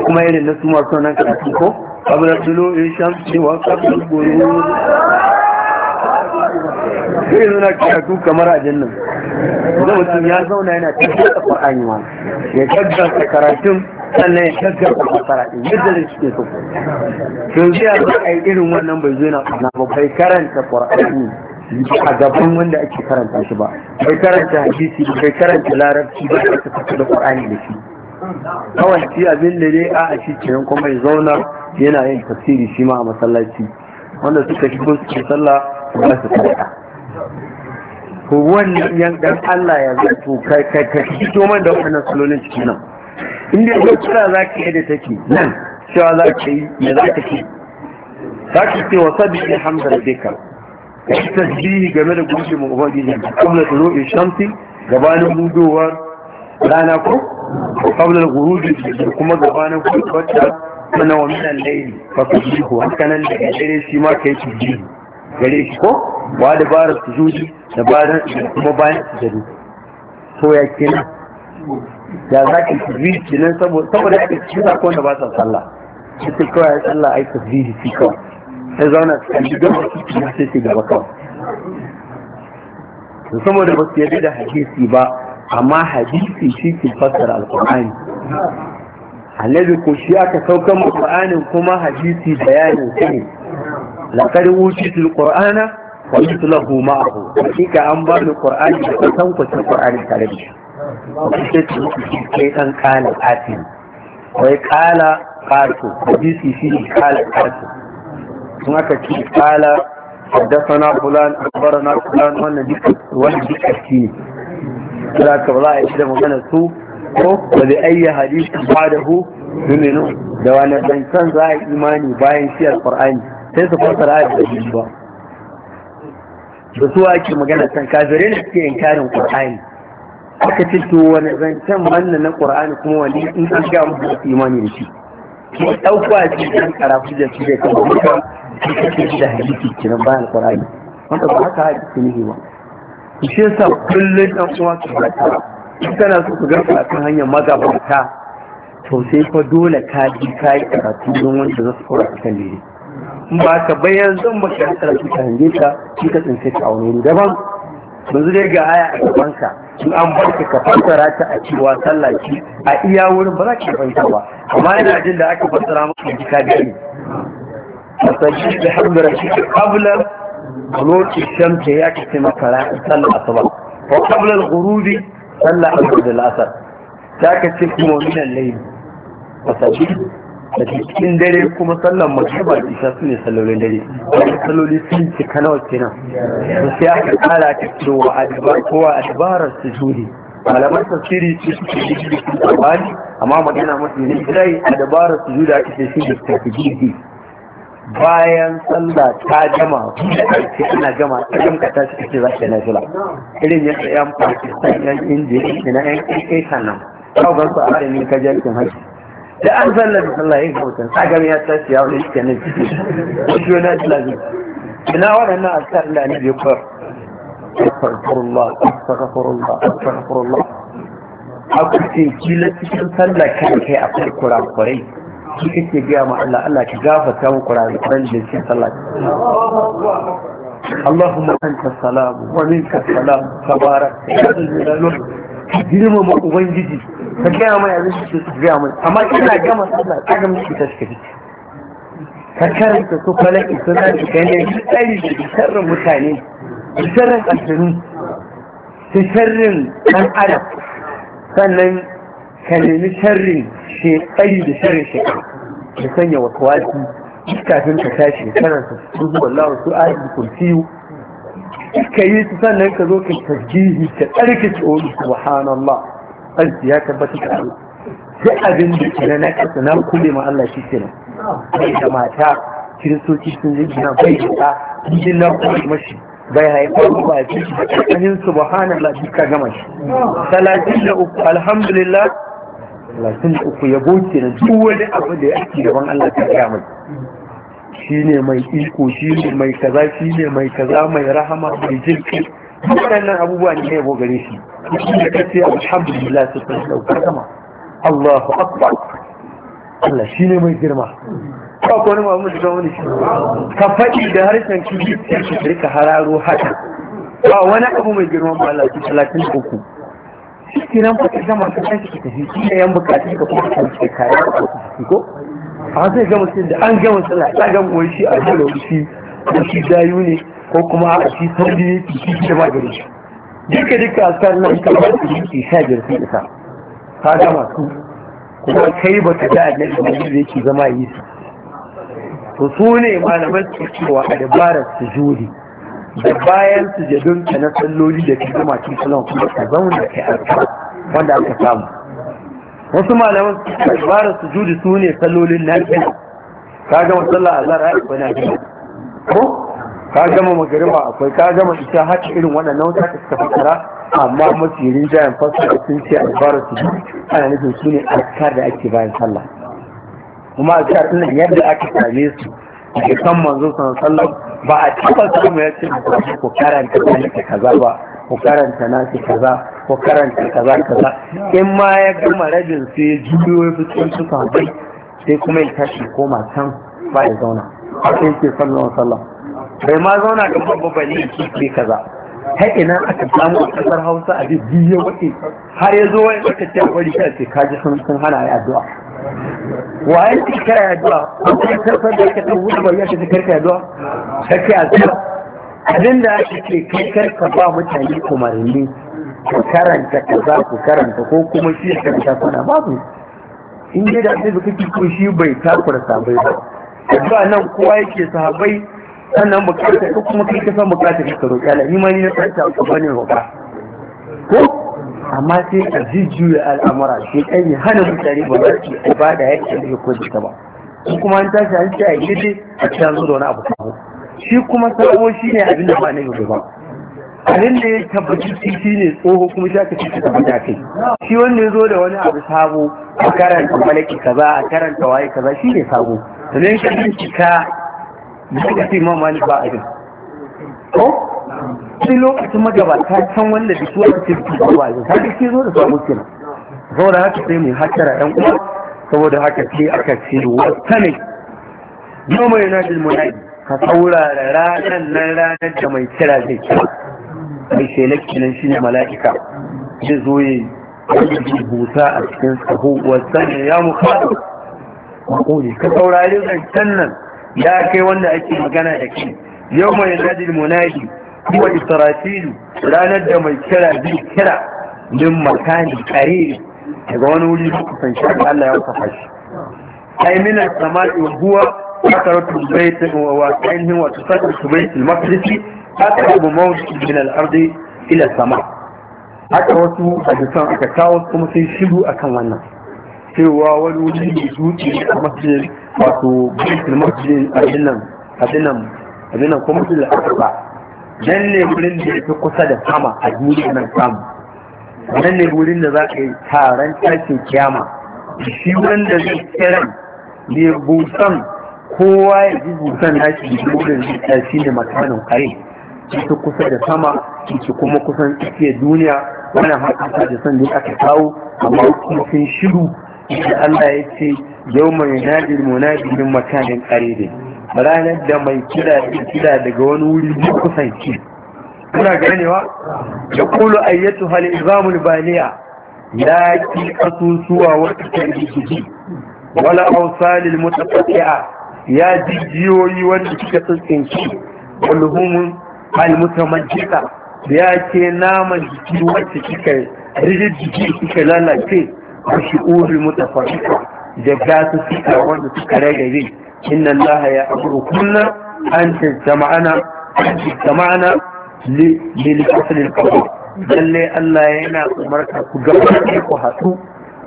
kuma irin nasu masu nan karatu ko qabla tulu'i shamsi wa qabla sai zuna karatu kamar a jannan da mutum ya zauna yana tafiya da qur'ani ma ya gaggasa karatun sannan ya gaggasa fasara ɗin, yadda zai suke so to zai ya za a yi irin wannan bai zo na ba bai karanta qur'ani a gaban wanda ake karanta shi ba bai karanta hadisi bai karanta larabci ba bai karanta da qur'ani da shi kawai shi abin da dai a shi kenan kuma ya zauna yana yin tafsiri shi ma a masallaci wanda suka shigo suke sallah ba su karanta ko wannan yan dan Allah ya zai to kai kai kai fito man da wannan salolin cikin nan in dai ko kira zaki da take nan cewa zaki yi me zaki ci zaki ce wa sabbi hamdu rabbika kai tasbihi game da gurbin mu ubangiji da tulu'i shamsi gabanin budowar rana ko ko qabla ghurubi kuma gabanin kuwata mana wa minan layli fa tasbihu hakanan da dare shi ma kai tasbihi gare shi ko wa da sujudi dabarar kuma bayan su sujudi to ya kenan ya za ka tasbihi nan saboda ake cikin ko da ba sa sallah shi ta kawai sallah ai tasbihi shi kawai sai zauna su kalli wasu su ci sai su gaba kawai saboda ba su yadda da hadisi ba amma hadisi shi ke fassara alƙur'ani annabi ko shi aka saukan Alƙur'anin kuma hadisi bayanin sai laqad wujitul qur'ana wa mithluhu ma'ahu hakika an ba ni qur'ani da san ku cikin qur'ani tare da shi sai ce sai dan kala atin wai kala qatu hadisi shi kala qatu kun aka ci kala حدثنا فلان اخبرنا فلان وانا ديك وانا ديك احكيه لا كبلا ايش مغنى سوء وبأي حديث بعده يؤمنون da wani zancen za a imani bayan shi Al-ƙur'ani? sai su fassara ayat da shi ba da su ake magana kan kafirai ne suke inkarin ƙur'ani. aka ce to wani zancen manna na ƙur'ani kuma wani in an ga mu da imani da shi ko dauka shi dan karafu da shi da kan mutum shi kake da hadisi kiran bayan qur'ani wanda ba haka hadisi ne ba shi sa kullum ɗan uwa ka barka in kana so ka garfa akan hanyar magabata to sai fa dole ka ji kai karatu don wanda za su kora kan dai ba ka bayan zan baka haka da ka hange ka shi ka tsince ka aure ne daban yanzu dai ga aya a gabanka in an barka ka fassara ta a cewa sallah ki? a iya wurin ba za ka fahimta ba amma ina jin da aka fassara maka ji ka gani fasaji da hamdara shi ka kabla lokacin shamta ya ka ce maka ra'ayi sallah asuba ko kabla gurubi sallah asuba da lasar ta ka ce kuma wani nan laifi fasaji da cikin dare kuma sallan magriba da isa su ne sallolin dare wani salloli sun ci kanawa kenan su sai aka kara ta cewa dabar kowa su sujudi malaman tafsiri su suke digiri sun tsabani amma magana mafi ne dai adbarar sujudi ake ce shi da jirgin bayan sallah ta gama ce ana gama ta gamka ta shi ce za ta nafila irin yadda yan pakistan yan indiya ina yan kai nan kawo gansu a kajiyar kajakin hajji da an sallar da sallah yin kautan sagam ya tashi ya wani iska ne ciki wasu yana islami ina waɗannan alƙar da annabi ya kwar astaghfirullah astaghfirullah astaghfirullah aku kila cikin sallah kai kai akwai kurakurai ki kake gaya ma Allah Allah ki gafarta mu kurakuran da cikin sallah اللهم أنت السلام ومنك السلام تبارك يا ذا الجلال ka girmama ubangiji ka gaya mai abin da su gaya mai amma ina gama sallah ta ga miki ta shi ka karanta su falaki suna da gane tsari da sharrin mutane da sharrin aljanu da sharrin ɗan adam sannan ka nemi sharrin shekari da sharrin shekari Ka sanya wasu wasu kafin ka tashi karanta su zuwa lawar su ayi kulfiyu ka yi su sannan ka zo ka tasbihi ka tsarkake wani subhanallah arziki ya tabbata ka Allah duk abin da ke na kasa na kule ma Allah shi ke nan bai da mata kiristoci sun yi gina bai da ta jin na kule mashi bai haifar ba a ciki da tsakanin subhanallah duk ka gama shi talatin da uku alhamdulillah talatin da uku ya ke nan duk wani abu da ya ake gaban Allah ta gaya mai shi ne mai iko shi ne mai kaza shi ne mai kaza mai rahama mai jirki waɗannan abubuwa ne ya gogare shi da ka ce alhamdulillah su san ɗaukar sama Allahu akbar Allah shi ne mai girma ba ko wani mamu da wani shi ka faɗi da harshen kibi sai ka rika hararo haka ba wani abu mai girma ba Allah talatin da uku shi kiran fa ka gama ka tashi ka tafi shi ne yan bukatun ka kuma ka tafi kaya ko a zai gama sai da an gama sallah ta gama wai shi a jira shi da shi dayu ne ko kuma a shi sauri ne ki shi da magani shi duka duka a kan nan kamar su yi sha biyar sun isa ta gama su kuma kai ba ta ga annabi da yake zama yi su to su ne malaman su cewa a dabarar su juri da bayan su jadon ka na salloli da ke zama cikin salon kuma ka zauna kai alfa wanda aka samu wasu malaman su ibara sujudi su ne sallolin nafila ka gama sallah azhar akwai nafila ko ka gama magariba akwai ka gama isa haka irin waɗannan wata ta suka fitara, amma mafi rinjayen da sun ce albarar su ana nufin su ne azkar da ake bayan sallah kuma a azkar ɗin yadda aka same su ke kan manzo sallah ba a cikin samu ya ce ko karanta ka kaza ba ku karanta nashi kaza ku karanta kaza kaza in ma ya gama rabin sai ya juyo ya fi su sabai sai kuma ya tashi koma can ba ya zauna haka ke sallon sallon bai ma zauna ga babba ba ne ke kaza ta ina aka samu a kasar hausa a biyu ya wuce har ya zo wani aka ce a wani ce kaji sun sun hana ya addu'a waye ke kira ya addu'a ko kuma karfar da ya ta wuce ba ya ta karka ya addu'a kake addu'a abin da ake ce kai karka ba mutane umarni ku karanta za ku karanta ko kuma shi ya karanta kuna babu in ji da annabi kake ko shi bai takura sabai ba addu'a nan kowa yake sabai sannan bukata ko kuma kai ka san bukata ka karo Allah ni ma ni na tsarta ka bane roƙa ko amma sai ka ya al'amura sai kai ne hana mutane ba za su ibada yake da ko ba kuma an tashi an yi a gidi a cikin zuwa wani abu shi kuma sabo shi ne abin da ba na gaba ba abin da ya tabbaci shi ne tsoho kuma shi aka cikin tabbata kai shi wanda ya zo da wani abu sabo a karanta malaki kaza a karanta waye kaza shi ne sabo sannan shi ne cika suka fi ma mali ba abin ko sai lokacin magabata can wanda da su aka ba tabbata ta da zo da sabo kenan saboda haka sai mai hakkara yan uwa saboda haka sai aka ce wata ne yau mai yana jin munadi ka saurara ranar nan ranar da mai kira zai kira mai shelar kinan shi mala'ika zai zo ya yi buta a cikin saho wasan ya mu faɗo makoni ka saurari zancen nan ya kai wanda ake magana da ke yau mai nadil munadi kuma israfilu ranar da mai kira zai kira min makani kariri daga wani wuri kusan shi Allah ya kafa shi ai minar sama'i huwa فكرة بيت وواسعينه وتفتح بيت المقدس أقرب موضع من الأرض إلى السماء haka wasu hadisan aka kawo kuma sai shiru akan wannan cewa wani wuri ne zuci a masjid wato baitul masjid adinan adinan adinan ko masjid al dan ne wurin da yake kusa da sama a duniya nan samu dan ne wurin da za ka yi taron tashin kiyama shi wanda zai kiran ne busan kowa ya ji busan nashi da burin zuciya shi ne makanin kare ita kusa da sama ita kuma kusan tsakiyar duniya wannan haka da san da aka kawo amma kuma sun shiru da Allah ya ce yau mai nadi munadirin makanin kare ne ranar da mai kira kira daga wani wuri ne kusanci kuna ganewa da kulu ayyatu hal izamul baliya ya ki kasusuwa wata tarbiyyaki wala ausalil mutaqatti'a ya ji jiyoyi wanda suka tsinci almutamajika da ya ke naman jiki wacce kika rigid jiki kika lalace shi uri mutafarrika da gasu suka wanda suka ragare inna allaha ya amuru kunna an tajtama'ana an tajtama'ana lil faslil qabr lalle Allah yana umarta ku gaba ku haɗu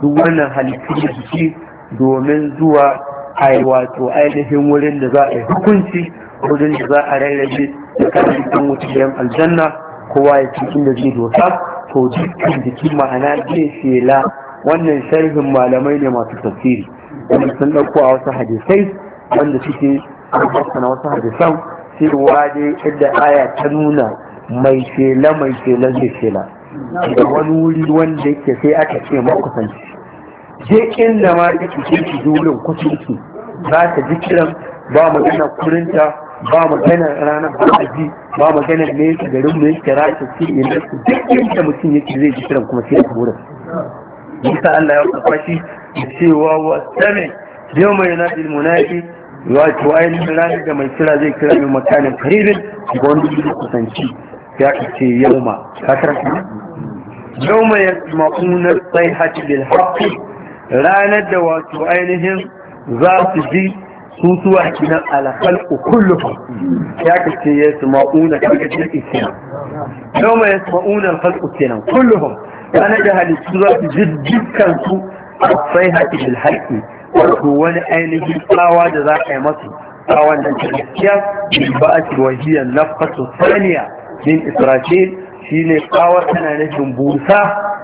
duk wannan halittu jiki domin zuwa a wato ainihin wurin da za a yi hukunci wurin da za a rarrabe da karfin wuciyar aljanna kowa ya cikin da zai dosa to dukkan jikin ma'ana zai shela wannan sharhin malamai ne masu tafsiri wanda sun ɗauko a wasu hadisai wanda suke na wasu hadisan cewa dai yadda aya ta nuna mai shela mai shela zai shela da wani wuri wanda yake sai aka ce makusanci je inda ma kike ke ki dole kwatanci za ta ji kiran ba magana kurinta ba magana ranar ba ji ba magana me ta garin mu yake rasa ci inda su duk inda mutum yake zai ji kiran kuma sai ta wurin Musa Allah ya kwafashi da cewa wa sami yau mai yana ilmunaki wato ainihin ranar da mai kira zai kira mai makanin karibin ga wani da kusanci ya kace yau ma ka karfi yau mai ma'unar sai hati bil haƙi ranar da wato ainihin za su ji susuwa kinan alakal kullu ya kace ya sama'una kaga ce ikina yau mai sama'una alakal kenan kullum, ranar da halittu za su ji dukkan su sai haƙi wato wani ainihin tsawa da za a yi masu tsawon da ke gaskiya bil ba'ati wahiyya nafqatu Saniya. min israfil shine tsawar tana nufin busa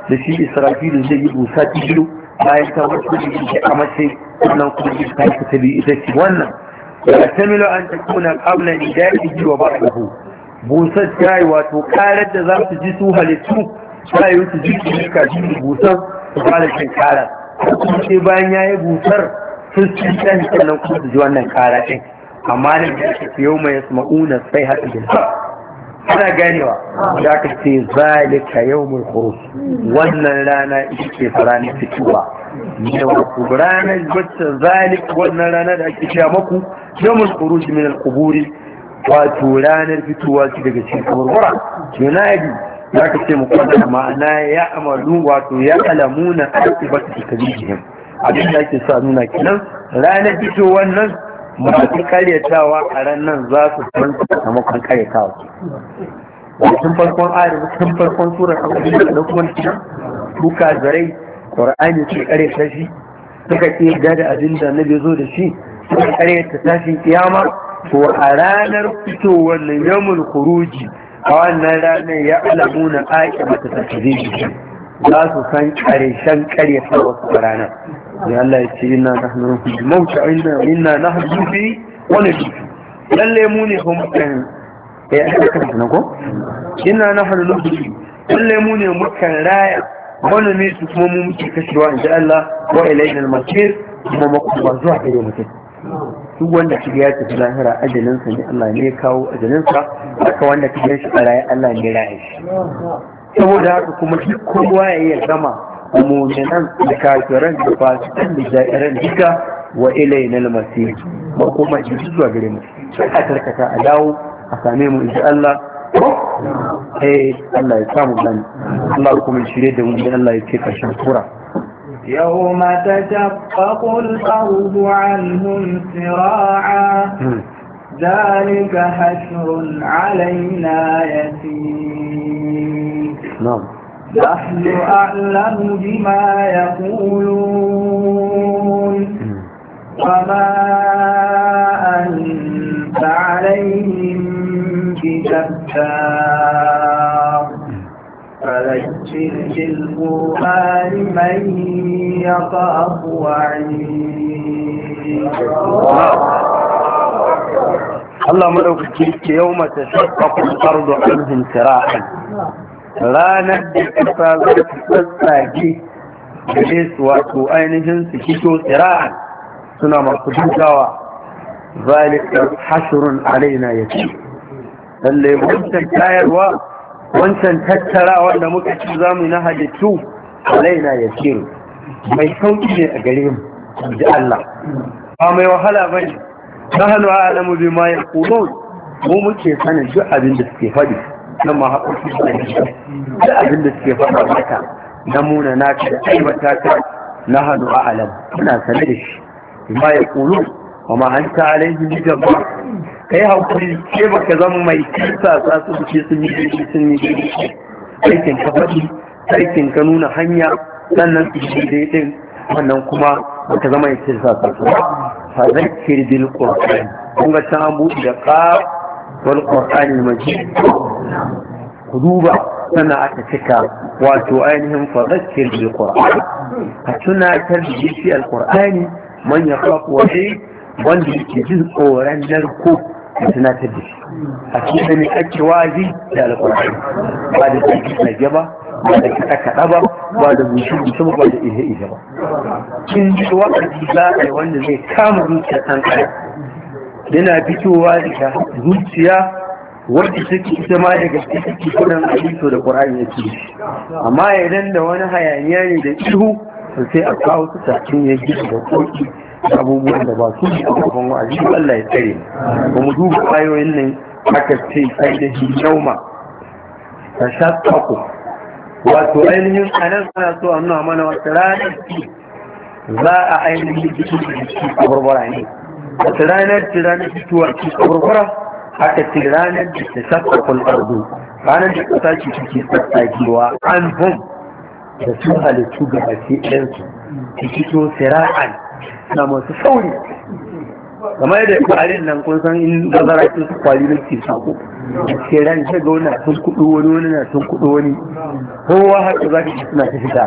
da shi israfil zai yi busa cikin bayan ta wasu jirgin ta kamace wannan kuma jirgin ta ta biyu ita ce wannan ya tamilo an ta kuna kabla ni da yake ji wa ba a hu busar ta yi wato karar da za su ji su halittu ta yi su ji su jika ji busar su fara shan kara. kuma ce bayan ya yi busar sun ci sannan kuma su ji wannan kara ɗin amma da yake yau mai yasma'una sai haɗu da ana ganewa da aka ce zalika yawmul khuruj wannan rana ita ce ranar fitowa ne wa ranar wacce zalik wannan rana da ake cewa maku Yau yawmul khuruj min al wato ranar fitowa shi daga cikin kaburbura yunadi da aka ce muqaddar ma'ana ya amalu wato ya alamuna akibatu kabirihim abin da ake sa nuna kenan ranar fitowar nan masu karyatawa a ranar nan za su san sakamakon karyatawa tun farkon ayar tun farkon surar abin da na kuma cikin buka zarai ƙwar'ani ke karyata shi suka ke gada abin da na zo da shi suka karyata tashin kiyama to a ranar fitowar na yamun kuruji a wannan ranar ya alamu na aiki mata ta za su san karshen karyata wasu ranar ya Allah ya ce ina nahnu nuhyi mauta ina na hannun nuhyi wani nuhyi lalle mu ne eh, ko ya yi aka kan na ko na hannun nuhyi lalle mu ne mutane raya wani ne su kuma mu muke kashewa in ji Allah wa ilayna al-masir kuma makuma zuwa gare mutum duk wanda ki ya tafi lahira ajalin sa ne Allah ne kawo ajalin sa haka wanda ki shi a raya Allah ne raye shi saboda haka kuma duk kowa ya zama muminan da kafiran da fasikan da ja'iran duka wa ilayna al-masir ba kuma ji zuwa gare mu sai a tarkata a dawo a same mu insha Allah eh Allah ya samu dan Allah kuma shirye da mu dan Allah ya ce karshen sura يوم تشقق الأرض عنهم سراعا hmm. ذلك حشر علينا يسير نعم نحن أعلم بما يقولون وما أنت عليهم بجبار فذكر بالقرآن من يخاف وعيد الله لو كنت يوم تشقق الأرض عنهم سراحا ranar da ƙasa za ta tsatsage gare su wato ainihin su kito tsira'an suna masu dukawa zalika hashirun alaina ya ce lallai wancan tayarwa wancan tattara wanda muka ci zamu na halittu alaina ya ce mai sauki ne a gare mu ji Allah ba mai wahala ba ne ta hannu a alamu bi ma ya mu muke sanin duk abin da suke faɗi na mahaƙoƙi da da abin da suke faɗa maka na muna naka da aibata ka na hannu a alam muna sane da shi ma ya ƙulu wa ma an ta alaihi ni gaba kai haƙuri ke baka zama mai kisa sa su fice sun yi shi, sun yi daidai aikin ka faɗi aikin ka nuna hanya sannan su yi daidai wannan kuma baka zama mai kisa sa su ba fa zakir bil qur'an kun ga ta buɗe da ka والقرآن المجيد قلوبا sana aka cika wato ainihin fadakkiyar da Qur'ani a tuna kan da yake alkur'ani man ya faku wa shi wanda yake jin tsoron narko a tunatar da shi a cikin ne ake wazi da alkur'ani ba da jiki na gaba ba da kaɗa kaɗa ba ba da bushe bushe ba ba da ihe ihe ba kin ji wa'azi za a yi wanda zai kama zuciya ɗan ƙarfi yana fitowa da zuciya wadda take ita ma daga cikin kudin alito da ƙwararri ya ce amma idan da wani hayaniya ne da ihu to sai a kawo su takin ya gina da ƙoƙi abubuwan da ba su ne a gaban wa'azi Allah ya tsare ba mu duba ayoyin nan aka ce sai da yauma ta shaƙaƙo wato ainihin anan ana so a nuna mana wata ranar za a ainihin jikin da jiki a barbara ne a ranar da ranar fitowa ke kurkura haka ce ranar da ta saka kulɓardo ranar da ƙasa ce take tsatsagewa an bom da su halittu ga baki ɗansu ta fito sira'an na masu sauri kamar da kwarin nan kun san in gazara sun su kwari na ke sako ke ran ta ga wani sun kudu wani wani na sun kudu wani kowa haka za ka suna ta fita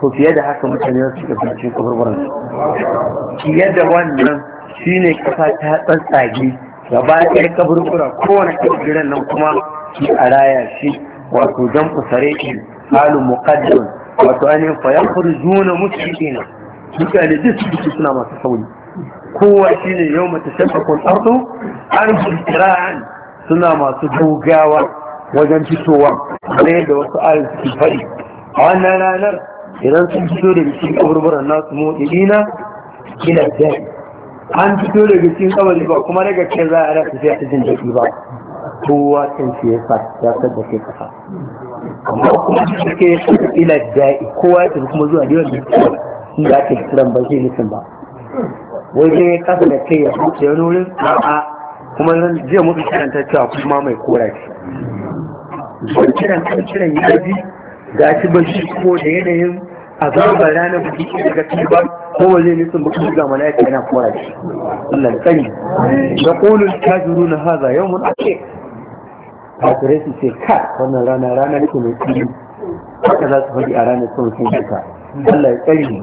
ko fiye da haka mutane su ga bincin kabarbaran fiye da wannan Shi ne kafa ta tsatsage gaba ɗaya kaburbura kowane kaburburan nan kuma shi a raya shi wato don kusare shi halu muqaddam wato ainihin fa yakhrujuna mushrikina mutane duk su suna masu sauri kowa shine yau mata tsarto an su tira'an suna masu dogawa wajen fitowa kamar da wasu ayoyi suke faɗi a wannan ranar idan sun fito da bikin kaburburan nasu motsi ina jari an fito daga cikin kamar ba kuma daga kai za a rasa sai a jin daɗi ba kowa kan shi ya sa ya sa da kai kafa amma kuma shi ke ya saka ila da'i kowa ya tafi kuma zuwa yawan da inda ake kiran ba zai nufin ba wai sai ya kasa da kai ya huce wani wurin a'a kuma zan zai mutu ta cewa kuma mai kora shi kiran kiran ya ji ga shi ba shi ko da yanayin a zarba ranar buki shi daga tuba ko wa zai nisan buki ga mana mala'ika yana kora shi Allah ya sani da haza yau mun yawmun akir kafirai su ce ka wannan rana rana ne mai tsiri haka za su faɗi a ranar sun sun duka Allah ya tsari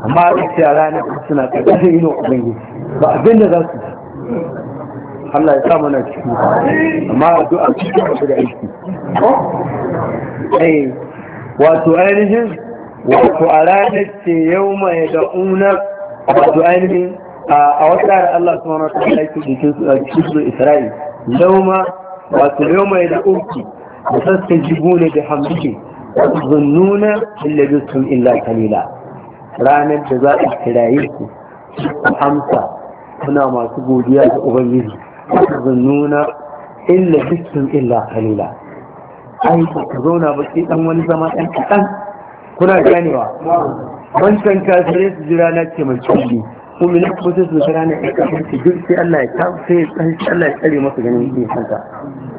amma a ce a ranar suna zai yi ino ubangiji ba abin da za su ci Allah ya sa mana ciki amma a du'a cikin da aiki eh, wato ainihin wato a ranar ce yau mai da una wato ainihin a wata Allah su wani wata aiki ke su a cikin su Isra'il yau ma wato yau mai da uki da sassan jibu ne da hamdiki wato illa illabistum illa kalila ranar da za a kiraye ku ku amsa kuna masu godiya ga Ubangiji wato zunnuna illabistum illa kalila ai ku zauna ba sai dan wani zama ɗan kaɗan kuna ganewa wancan kafirai su ji rana ce mai cikin kuma na kuma sai su jira na ƙarƙashin su duk sai Allah ya ta sai sai Allah ya tsare masa ganin ke kanta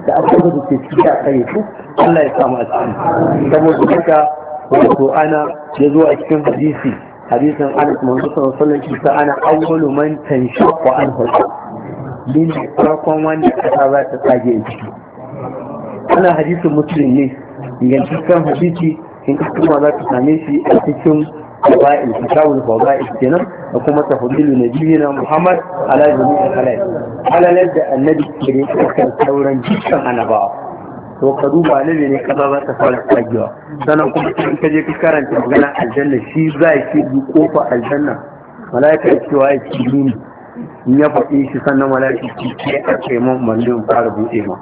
da abubuwa da ke ciki a tsare su Allah ya samu a cikin saboda haka wato ana ya zo a cikin hadisi hadisin Anas manzo sallallahu alaihi wasallam ana awwalu man tanshaqqa an hasa din farkon wanda kasa za ta tsage ciki ana hadisin muslim ne ingantaccen hadisi in ka kuma za ka same shi a cikin fawa'il kitabul fawa'il kenan da kuma tafdilu nabiyina Muhammad ala jami'il khalaiq halalar da annabi ke kan sauran dukkan annabawa to ka duba ne ne ka za ta fara tsagewa sannan kuma in ka je ka karanta magana aljanna shi za ki kofa aljanna malaika cewa ya ci duniya ya faɗi shi sannan malaki ki ke ake man mandin fara buɗe ma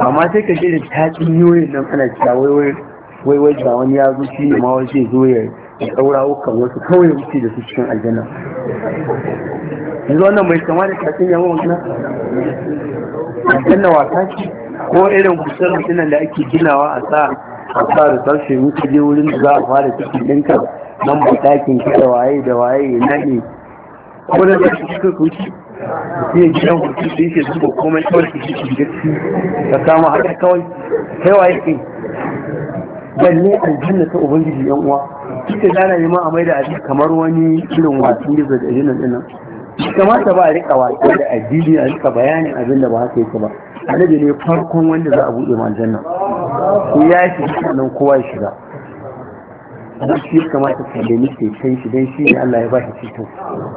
amma sai ka je da taƙin yoyin nan ana cewa wai wai ga wani ya zo shi ne ma wai zai zo ya ɗaura wukan wasu kawai wuce da su cikin aljanna yanzu wannan bai kama da taƙin yamma magana aljanna wata ce ko irin kusur mutunan da ake ginawa a sa a sa da sarshe wuce je wurin da za a fara cikin ɗinka nan ba ɗakin kiɗa waye da waye na ne ko da zai kuka kuci sai gidan kuci sai ke zuba komai kawai ki ci gaci ka samu haka kawai kai waye kai balle aljanna ta ubangiji yan uwa kike dana ne ma a maida abin kamar wani irin wasan gizo da irin nan kamata ba a rika wasa da addini a rika bayanin abin da ba haka yake ba annabi ne farkon wanda za a buɗe ma aljanna ya shiga nan kowa ya shiga za shi ya kamata ka nemi ceton shi Dan shi ne Allah ya ba shi ceto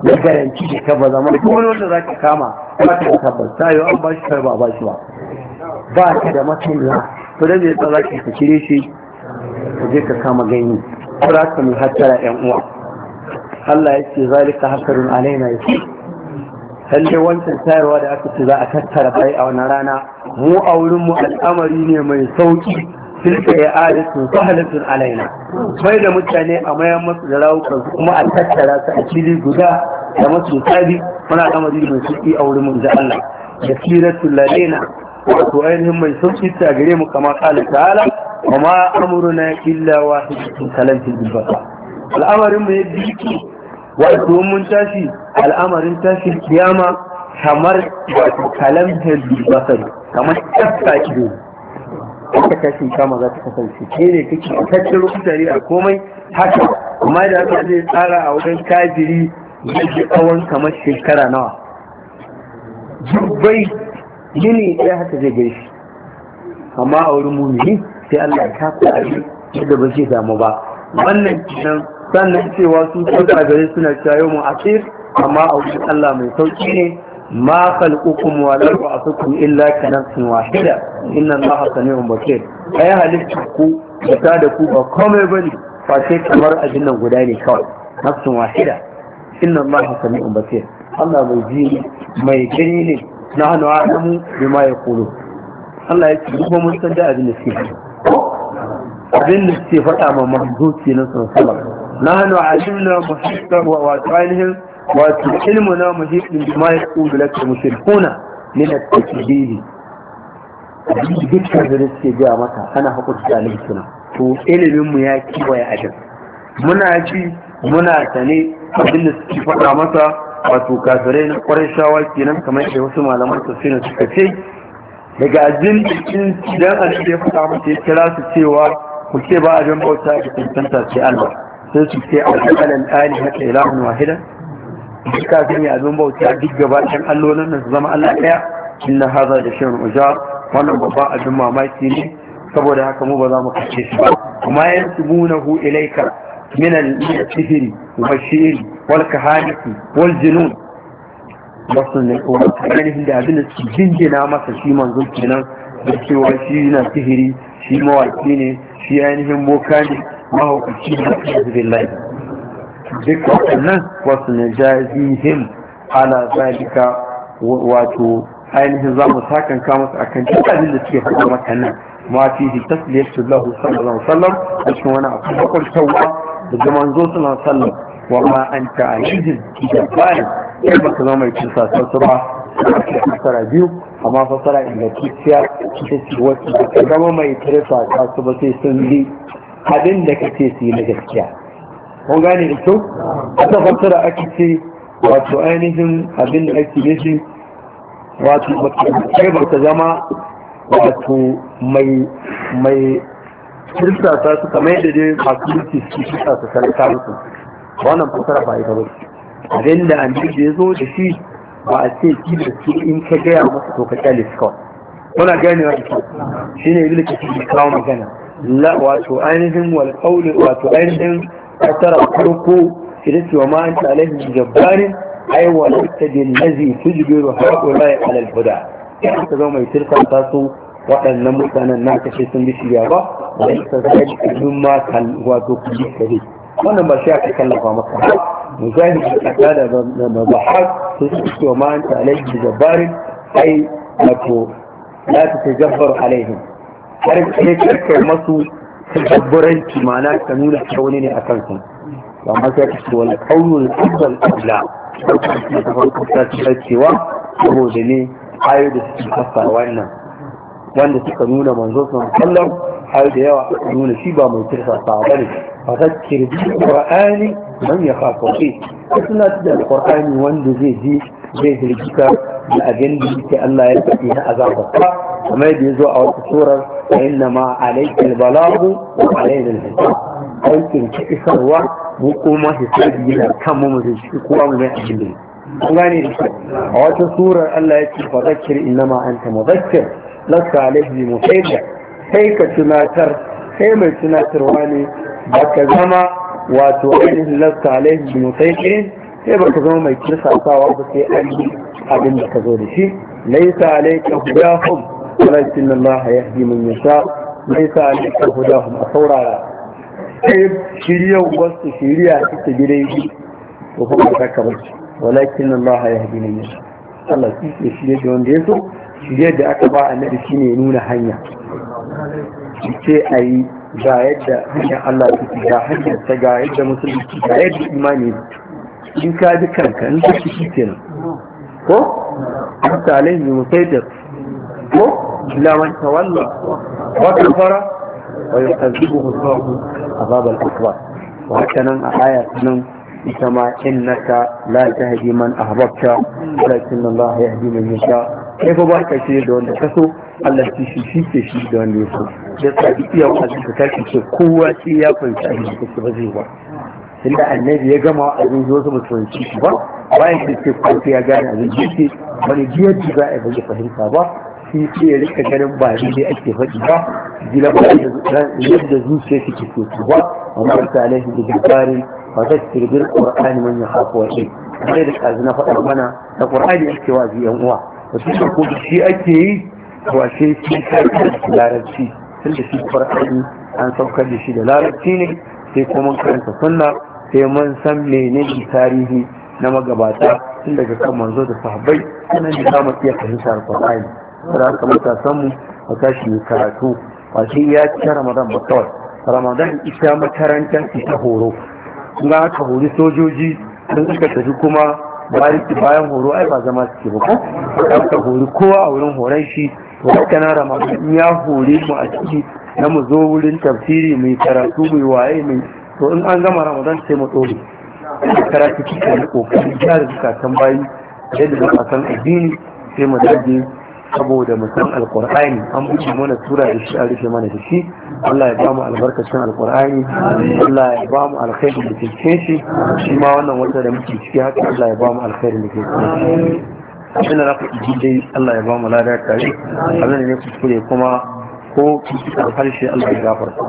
ya garanti da ka ba zama duk wani wanda za ka kama ba ka da tabbas ta yi an ba shi kai ba ba shi ba ba ka da masaniya to da zai tsara ki ka kire shi ka je ka kama gani kura ka mu hattara yan uwa Allah ya ce zalika hasarun alaina ya ce lalle wancan tayarwa da aka ce za a tattara bai a wani rana mu a wurin mu al'amari ne mai sauki tilka ya adatu sahalatun alaina bai da mutane a mayan masu da rawukan kuma a tattara su a fili guda da masu tabi muna kama jirgin suki a wurin da Allah da siratul ladaina wato ainihin mai sauki ta gare mu kamar kala ta'ala wa ma amruna illa wahidatun kalantin bilbasa al'amarin mu yadda yake wato mun tashi al'amarin tashi kiyama kamar wato kalantin bilbasa kamar tsafta kido ta tashin kama za ta kasance ke ne kake tattaro mutane a komai haka amma da haka zai tsara a wajen kajiri zai tsawon kamar shekara nawa dubbai yini ɗaya haka zai gaishi amma a wurin mumini sai Allah ta kula yadda ba zai damu ba wannan kenan sannan cewa su sun gare suna cewa yau mu asir amma a wurin Allah mai sauki ne ما خلقكم ولا بعثكم إلا كنفس واحدة إن الله سميع بصير أي هلكتكو بتادكو بقوم بني فاشي كمر أجنة غداني كوي نفس واحدة إن الله سميع بصير الله مجيني ما يجريني نحن أعلم بما يقولون Allah ya ce kuma mun san da abin da suke abin da suke faɗa ma mahzuci na sallallahu alaihi wasallam nahnu alimna muhaqqan wa ta'alihim wato ilmu na muhimmini ma ya tsoro lakar mushrikuna min at-takbiri dukkan da suke biya maka ana haƙuri da alƙuna to ilimin mu ya a adam muna ji muna sane abinda suke faɗa masa wato kafirai na ƙwarar shawa kenan kamar da wasu malaman tafsirin suka ce daga ajin cikin idan alƙi ya faɗa masa ya kira su cewa ku ce ba a jan bauta da tantanta sai Allah sai su ce a ƙalan ali haka ilahun wahidan duk kafin ya abin bauta duk gabashin allolin nan su zama allah ɗaya inna haza da shirin ujar wannan babban abin mamaki ne saboda haka mu ba za mu kashe shi ba kuma yan tubunahu ilaika min al-sihri wa shi'r wal kahanati wal junun wasan ne ko ganin da abin da su jinjina masa shi manzon kenan da cewa shi na sihiri shi mawaki ne shi ainihin boka ne mahaukaci da billahi duk waɗannan wasu na jazihim ala zalika wato ainihin za mu sakan kama su akan duk abin da suke faɗa maka nan ma fi shi tasliyatu lahu sallallahu alaihi wasallam cikin wani abu bakwantawa da zaman zo sallallahu alaihi wasallam wa ma anta alaihim jabbarin kai baka zama mai cin sasar su ba fasara biyu amma fasara ingantacciya ita ce wacce ba zama mai tirsa ta su ba sai sun bi abin da kake su yi na gaskiya kun gane da kyau wata fassara ake ce wato ainihin abin da ake nufi wato kai ba ta zama wato mai mai kirtasa su kamar yadda dai masu mulki su kirtasa sarka musu wannan fassara ba ita ba abin da an da ya zo da shi ba a ce ki da su in ka gaya musu to ka kyale su kawai muna gane wa ita shi ne ibn kasir kawo magana la wato ainihin wal qawl wato ainihin fassara farko idan cewa ma an alaihi jabbarin ai wa tajin lazi tujbiru haƙulai alal huda ya ka zama mai tirkanta su waɗannan mutanen na kashe sun bi shirya ba da ita zai ɗin ma wato kuɗi kare wannan ba shi aka kallafa maka ba mujahid da kada da mazahar su su ce wa ma'anta alaihi jabbarin ai wato la ta tajabbar alaihim har sai karkar masu tadabburanci ma'ana ka nuna ta wani ne a kansa ba ma sai ka ce wal qaulul afdal abla ta farko ta ce cewa saboda ne ayo da suke fassara wannan wanda suka nuna manzo sun sallam ayo da yawa suka nuna shi ba mai tirsa sa ba ne fa zakkir bil qur'ani man yakhafu fi suna da qur'ani wanda zai ji zai hirgita da abin da yake Allah ya faɗi na azabar kamar yadda ya zo a wata surar ta inna ma alaikal balagu wa alaikal hisab aikin kisarwa mu kuma hisabi yana kan mu mu shi kowa mu mai abin da kun gane da shi a wata surar Allah ya ce fa zakkir inna ma anta muzakkir laka alaihi musaiba sai ka tunatar sai mai tunatarwa ne ba zama wato ainihin laka alaihi musaiba sai baka zama mai kirsasawa ba sai an yi abin da ka zo da shi laisa alaika hudahum ولكن الله يهدي من يشاء ليس عليك هداهم أثورا كيف شريا وبس شريا تتجري وفقا تكبر ولكن الله يهدي من يشاء الله كيف شريا جون ديسو شريا دي أكبر أن الشيني نون هنيا ce a yi ga yadda hanyar Allah take ga hanyar ta ga yadda musulunci ga yadda imani in ka ji kanka in ka ci kenan ko misalai ne musaitar لمن تولى وكفر ويكذبه الله عذاب الاكبر وهكذا آية كما انك لا تهدي من اهببت ولكن الله يهدي من يشاء كيف بارك الشيء دون تكسو الله في شيء في شيء شي دون يسوع لذلك يوم الحديث كالك يسوع قوة سياق الشيء يكسب زيوا سيدا النبي يجمع الرجوع بسرعة شيء با وين تكسب قوة سياق الرجوع شيء من يجي يجيبه يبغى يفهم سبب shi ce ya rika ganin ba ni dai ake faɗi ba gila ba yadda zuciya suke so su ba amma ta alaihi da jabari fa ta tirbir qur'ani ya hafu wa ilai da kazi na faɗa mana da qur'ani ake wa zai yan uwa da su ko da shi ake yi to a ce shi ta larabci tun da shi qur'ani an saukar da shi da larabci ne sai kuma karanta sunna sai mun san menene tarihi na magabata tun daga kan manzo da sahabbai sanan da zamu iya fahimtar qur'ani da aka matasan mu a tashi karatu ba shi ya ci ramadan ba kawai ramadan ita makaranta ki ta horo kuma aka hori sojoji sun suka tafi kuma bayan horo ai ba zama suke ba ko aka hori kowa a wurin horon shi wata na ramadan ya hori mu a ciki na mu zo wurin tafsiri mai karatu mai waye mai to in an gama ramadan sai mu dole karatu kike ne kokarin gyara zukatan bayi yadda ba san addini sai mu dage saboda mu san alqur'ani an buɗe mana tura da shi an rufe mana da shi Allah ya ba mu albarkacin alqur'ani Allah ya ba mu alkhairi da ke cikin shi shi ma wannan wata da muke ciki haka Allah ya ba mu alkhairi da ke cikin shi abin da ku ji dai Allah ya ba mu lada tare abin da ne kuskure kuma ko kuskure harshe Allah ya gafarta